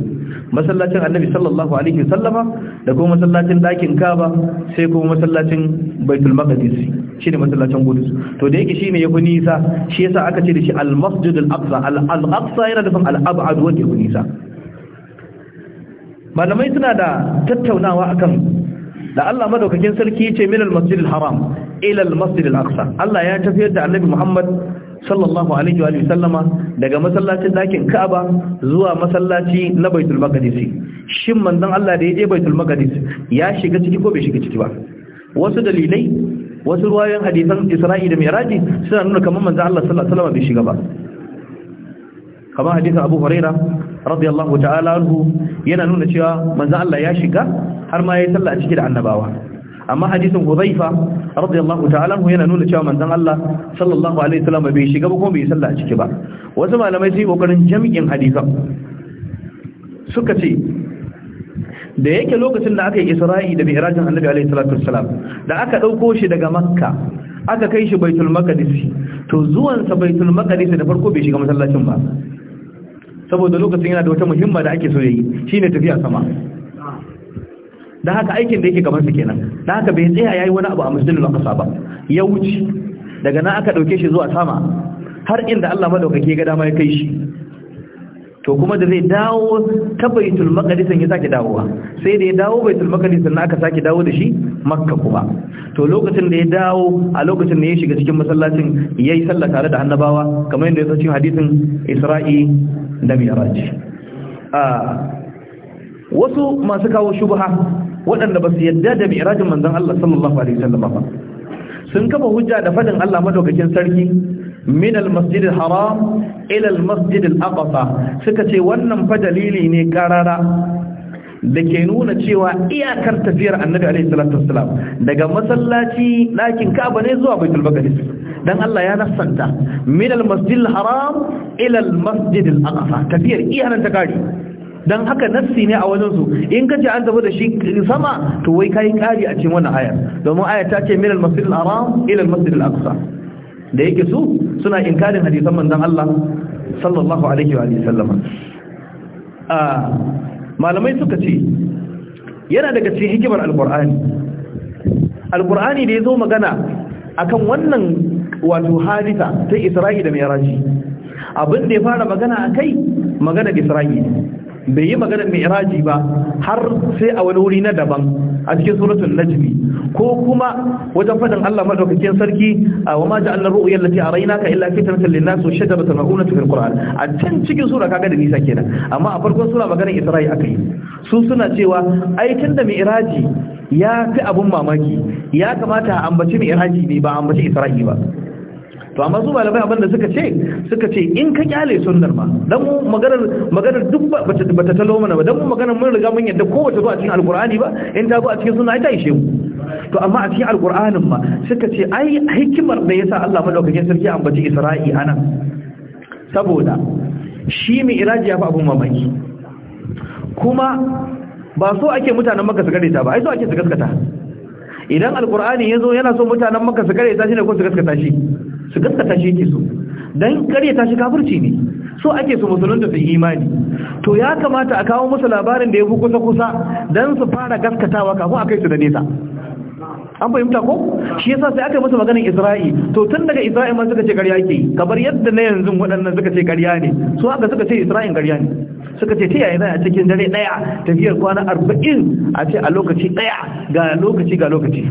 masallacin annabi sallallahu alaihi wasallama da kuma masallacin ɗakin kaba sai kuma masallacin baitul maqdis shine masallacin qudus to da yake shine yafi nisa shi yasa aka ce da shi al-masjid al-aqsa al-aqsa yana nufin al-ab'ad wanda yafi nisa malamai suna da tattaunawa akan da Allah madaukakin sarki ce min al-masjid al-haram ilal masjid aqsa Allah ya tafiyar da annabi Muhammad sallallahu alaihi wa sallama daga masallacin dakin Ka'aba zuwa masallaci na Baitul Maqdis shin manzon Allah da ya je Baitul Maqdis ya shiga ciki ko bai shiga ciki ba wasu dalilai wasu ruwayoyin hadisan Isra'i da Mi'raji suna nuna kamar manzon Allah sallallahu alaihi wa sallama bai shiga ba kamar hadisin Abu Huraira radiyallahu ta'ala anhu yana nuna cewa manzon Allah ya shiga har ma yayi sallah a ciki da annabawa amma hadisin Hudhaifa radiyallahu ta'ala hu, yana nuna cewa manzon Allah sallallahu alaihi wasallam bai shiga ba ko bai salla a ciki ba wasu malamai sai kokarin jami'in hadisan suka ce da yake lokacin da aka yi Isra'i da Mi'rajin Annabi alaihi salatu wassalam da aka dauko shi daga Makka aka kai shi Baitul Maqdis to zuwan sa Baitul Maqdis da farko bai shiga masallacin ba saboda lokacin yana da wata muhimma da ake so yayi shine tafiya sama da haka aikin da yake gabansa kenan da haka bai tsaya yayi wani abu a masjidul lokasa ba ya wuce daga nan aka dauke shi zuwa sama har inda Allah madaukake ga dama ya kai shi to kuma da zai dawo ta baitul maqdis ya sake dawowa sai da ya dawo baitul maqdis na aka sake dawo da shi makka kuma to lokacin da ya dawo a lokacin da ya shiga cikin masallacin yayi sallah tare da annabawa kamar yadda ya sace hadisin Isra'i da Mi'raj ah, wasu masu kawo shubha waɗanda ba su yadda da mi'rajin manzon Allah sallallahu alaihi wasallam ba sun kafa hujja da fadin Allah madaukakin sarki min al-masjid al-haram ila al-masjid al-aqsa suka ce wannan fa dalili ne karara da ke nuna cewa iyakar tafiyar annabi alaihi salatu wassalam daga masallaci ɗakin ka'aba ne zuwa baitul maqdis dan Allah ya nassanta min al-masjid al-haram ila al-masjid al-aqsa tafiyar iyanan ta kare dan haka nassi ne a wajen su in kace an tafi da shi sama to wai kai kari a cikin wannan aya domin aya ta ce min al-masjid al-haram ila al-masjid al-aqsa da yake su suna inkarin hadisan manzon Allah sallallahu alaihi wa sallama a ah, malamai suka ce yana daga cikin hikimar alqur'ani alqur'ani da yazo magana akan wannan wato hadisa ta Isra'i da Mi'raj abin da ya fara magana akai magana Isra'i bai yi maganar mi'raji ba har sai a wani wuri na daban a cikin suratun najmi ko kuma wajen fadin Allah madaukakin sarki wa ma ja'alna ru'ya allati ka illa fitnatan lin-nas wa shajaratan ma'unatan fil qur'an a can cikin sura kaga da nisa kenan amma a farkon sura maganar isra'i yi. su suna cewa ai da mi'raji ya fi abun mamaki ya kamata a ambaci mi'raji ne ba ambaci isra'i ba to amma su malamai abinda suka ce suka ce in ka kyale sunnar ma dan mu maganar maganar duk bata bata talo mana ba dan mu maganar mun riga mun yadda kowace zuwa cikin alqur'ani ba in ta zo a cikin sunna ai ta ishe mu to amma a cikin alqur'anin ma suka ce ai hikimar da yasa Allah madaukakin sarki ambaci Isra'i ana saboda shi mai iraji ya fi abun mamaki kuma ba so ake mutanen maka su ta ba ai so ake su gaskata idan alqur'ani ya zo yana so mutanen maka su ta shine ko su gaskata shi su gaskata shi yake so dan karyata shi kafirci ne so ake su musulunta su imani to ya kamata a kawo musu labarin da ya fi kusa kusa dan su fara gaskatawa kafin a kai su da nesa an fahimta ko shi yasa sai aka musu maganin Isra'i to tun daga Isra'i man suka ce ƙarya yake kamar yadda na yanzu waɗannan suka ce ƙarya ne su haka suka ce isra'i ƙarya ne suka ce ta yaya za a cikin dare ɗaya tafiyar kwana arba'in a ce a lokaci ɗaya ga lokaci ga lokaci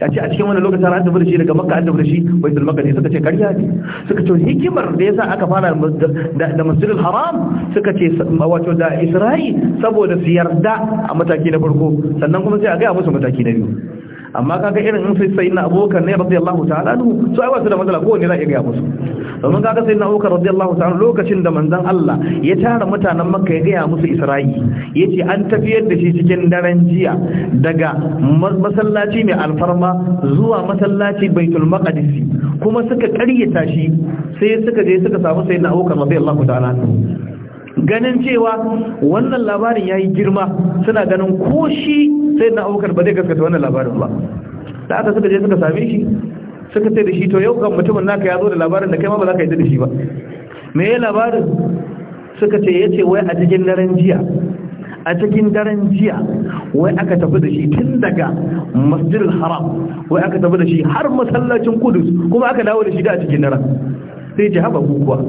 ya ce a cikin wani lokacin an tafi da shi daga makka an tafi da shi baitul maqdis suka ce karya ne suka ce hikimar da yasa aka fara da masjidul haram suka ce wato da isra'i saboda su yarda a mataki na farko sannan kuma sai a gaya musu mataki na biyu amma kaga irin in sai sayyidina abubakar ne radiyallahu ta'ala anhu su ai su da matsala ko ne za a iya musu domin kaga sayyidina abubakar radiyallahu ta'ala lokacin da manzon Allah ya tara mutanen makka ya gaya musu isra'i yace an tafiyar da shi cikin daren jiya daga masallaci mai alfarma zuwa masallaci baitul maqdis kuma suka karyata shi sai suka je suka samu sayyidina abubakar radiyallahu ta'ala ganin cewa wannan labarin ya yi girma suna ganin ko shi sai na aukar ba zai gaskata wannan labarin ba da aka suka je suka same shi suka sai da shi to yau kan mutumin naka ya zo da labarin da kai ma ba za ka yi da shi ba me ya labarin suka ce ya ce wai a cikin daren jiya a cikin daren jiya wai aka tafi da shi tun daga masjidul haram wai aka tafi da shi har masallacin kudus kuma aka dawo da shi da a cikin daren sai jihaba kuwa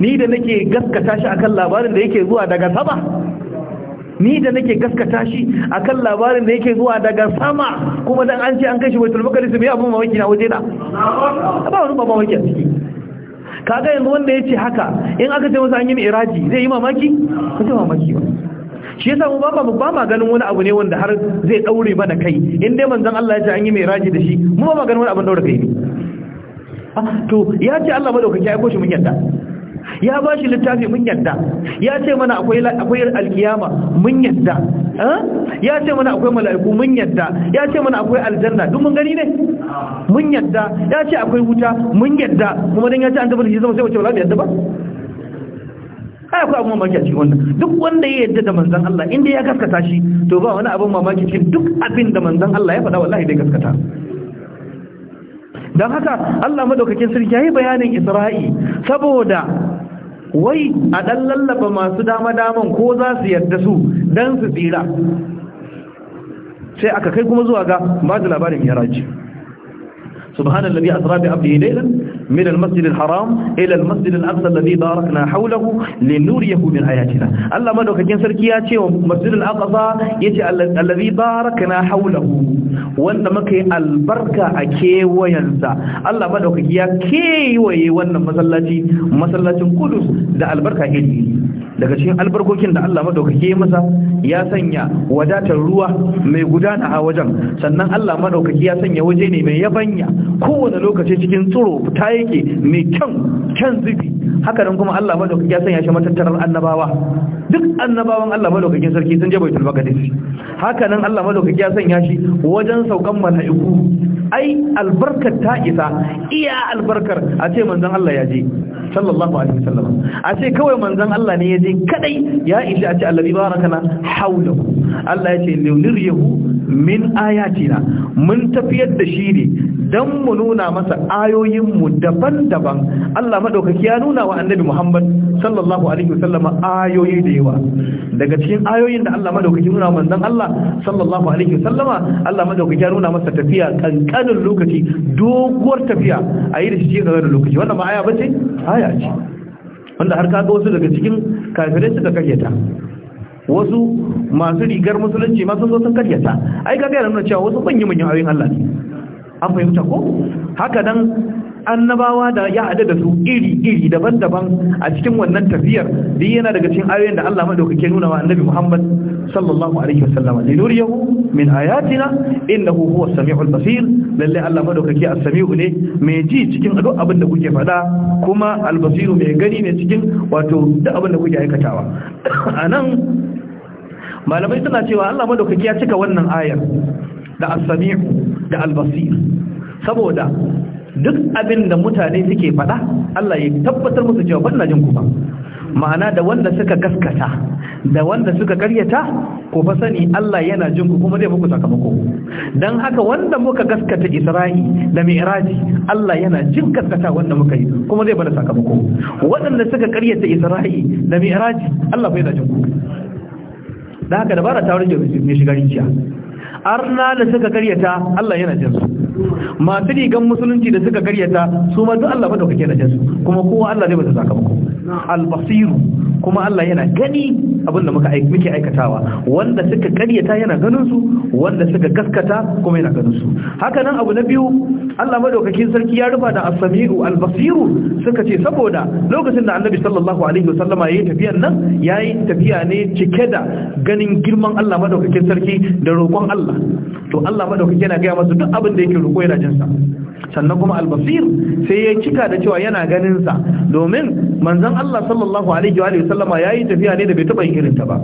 ni da nake gaskata shi akan labarin da yake zuwa daga sama ni da nake gaskata shi akan labarin da yake zuwa daga sama kuma dan an ce an kai shi baitul maqdis bai abun mamaki na waje na ba wani ba mamaki a ciki kaga yanzu wanda yace haka in aka ce masa an yi miraji zai yi mamaki ko zai mamaki ba shi yasa mu ba mu ba ma ganin wani abu ne wanda har zai daure mana kai in dai manzon Allah ya ce an yi miraji da shi mu ba ma ganin wani abu daure kai ne Ah, to ya ce Allah madaukaki ya aiko shi mun yadda ya ba shi littafi mun yadda ya ce mana akwai alkiyama mun yadda ah? ya ce mana akwai mala'iku mun yadda ya ce mana akwai aljanna duk mun gani ne mun yadda ya ce akwai wuta mun yadda kuma dan ya ce an tabbata shi zama sai wace wala yadda ba ai akwai abun mamaki a cikin wannan duk wanda ya yadda da manzon Allah inda ya gaskata shi to ba wani abun mamaki cikin duk abin da manzon Allah ya faɗa wallahi dai gaskata don haka Allah madaukakin sarki yi bayanin Isra'i saboda wai a ɗan lallaba masu dama daman ko za su yarda su dan su tsira sai aka kai kuma zuwa ga ba da labarin yaraji سبحان الذي أسرى بعبده ليلا من المسجد الحرام إلى المسجد الأقصى الذي باركنا حوله لنريه من آياتنا الله مدوك جنسر كياتي ومسجد الأقصى يتي الذي باركنا حوله wanda muka yi albarka a kewayensa Allah madaukaki ya kewaye wannan masallaci masallacin kudus da albarka iri daga cikin albarkokin da Allah madaukaki masa ya sanya wadatar ruwa mai gudana a wajen sannan Allah maɗaukaki ya sanya waje ne mai yabanya kowane lokaci cikin tsiro ta yake mai kyan kyan zubi haka nan kuma Allah maɗaukaki ya sanya shi matattarar annabawa duk annabawan Allah madaukakin sarki sun je baitul maqdis haka nan Allah madaukaki ya sanya shi wajen saukan mala'iku ai albarkar ta isa iya albarkar a ce manzon Allah ya je sallallahu alaihi wasallam a ce kawai manzon Allah ne ya je kadai ya isa a ce Allah barakana haulahu Allah ya ce liuniriyahu min ayatina mun tafiyar da shi ne don mu nuna masa ayoyinmu daban-daban Allah maɗaukaki ya nuna wa annabi Muhammad sallallahu alaihi wasallama ayoyi da yawa daga cikin ayoyin da Allah maɗaukaki nuna manzan Allah sallallahu alaihi wasallama Allah maɗaukaki ya nuna masa tafiya ƙanƙanin lokaci doguwar tafiya a yi da shi ga lokaci wannan ma aya ce aya ce wanda har ka ga wasu daga cikin kafirai suka karyata wasu masu rigar musulunci masu zo sun karyata ai ga gaya nuna cewa wasu manyan manyan ayoyin Allah ne an fahimta ko haka dan annabawa da ya hada da su iri-iri daban-daban a cikin wannan tafiyar da yana daga cikin ayoyin da Allah madaukake nuna wa annabi Muhammad sallallahu alaihi wasallam nuriyahu min ayatina innahu huwa samiul basir lalle Allah madaukake as-sami'u ne mai ji cikin duk abin da kuke faɗa kuma Albasiru basiru mai gani ne cikin wato duk abin da kuke aikatawa anan malamai suna cewa Allah madaukaki ya cika wannan ayar da as-sami' da al-basir saboda duk abin da mutane suke faɗa Allah ya tabbatar musu cewa ban jin ku ba ma'ana da wanda suka gaskata da wanda suka karyata ku fa sani Allah yana jin ku kuma zai muku sakamako dan haka wanda muka gaskata Isra'i da Mi'raji Allah yana jin gaskata wanda muka yi kuma zai bada sakamako waɗanda suka karyata Isra'i da Mi'raji Allah bai yana jin ku da haka dabara ta rage ne shiga rijiya arna da suka karyata Allah yana jin su masu rigan musulunci da suka karyata su ma duk Allah dauke yana jin su kuma kowa Allah zai bata sakamako al-basiru kuma Allah yana gani abinda muka muke aikatawa wanda suka karyata yana ganin su wanda suka gaskata kuma yana ganin su haka nan abu na biyu Allah madaukakin sarki ya rufa da as-sami'u al-basiru suka ce saboda lokacin da Annabi sallallahu alaihi wasallama yayin tafiyar nan yayin tafiya ne cike da ganin girman Allah madaukakin sarki da roƙon Allah to Allah madaukakin yana ga masa duk abin da yake roƙo yana jinsa sannan kuma albasir sai ya cika da cewa yana ganinsa domin manzon Allah sallallahu alaihi wa sallama yi tafiya ne da bai taba yin irin ta ba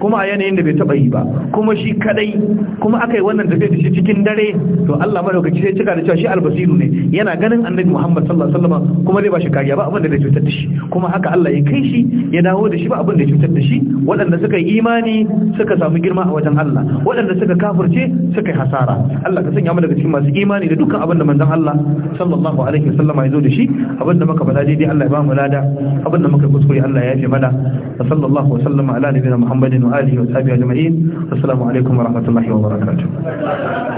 kuma a yanayin da bai taba yi ba kuma shi kadai kuma akai wannan tafiya da shi cikin dare to Allah madaukaki sai ya cika da cewa shi albasiru ne yana ganin annabi Muhammad sallallahu alaihi wa sallama kuma zai ba shi kariya ba abin da zai cutar da shi kuma haka Allah ya kai shi ya dawo da shi ba abin da ya cutar da shi waɗanda suka yi imani suka samu girma a wajen Allah waɗanda suka kafirce suka yi hasara Allah ka sanya mu daga cikin masu imani da dukkan abin da manzon Allah Allah sallallahu alaihi wasallam ya zo da shi abinda muka bada daidai Allah ya ba mu lada abinda muka kuskure Allah ya yafe mana wa sallallahu wasallam ala nabiyina Muhammadin wa alihi wa sahbihi ajma'in assalamu alaikum wa rahmatullahi wa barakatuh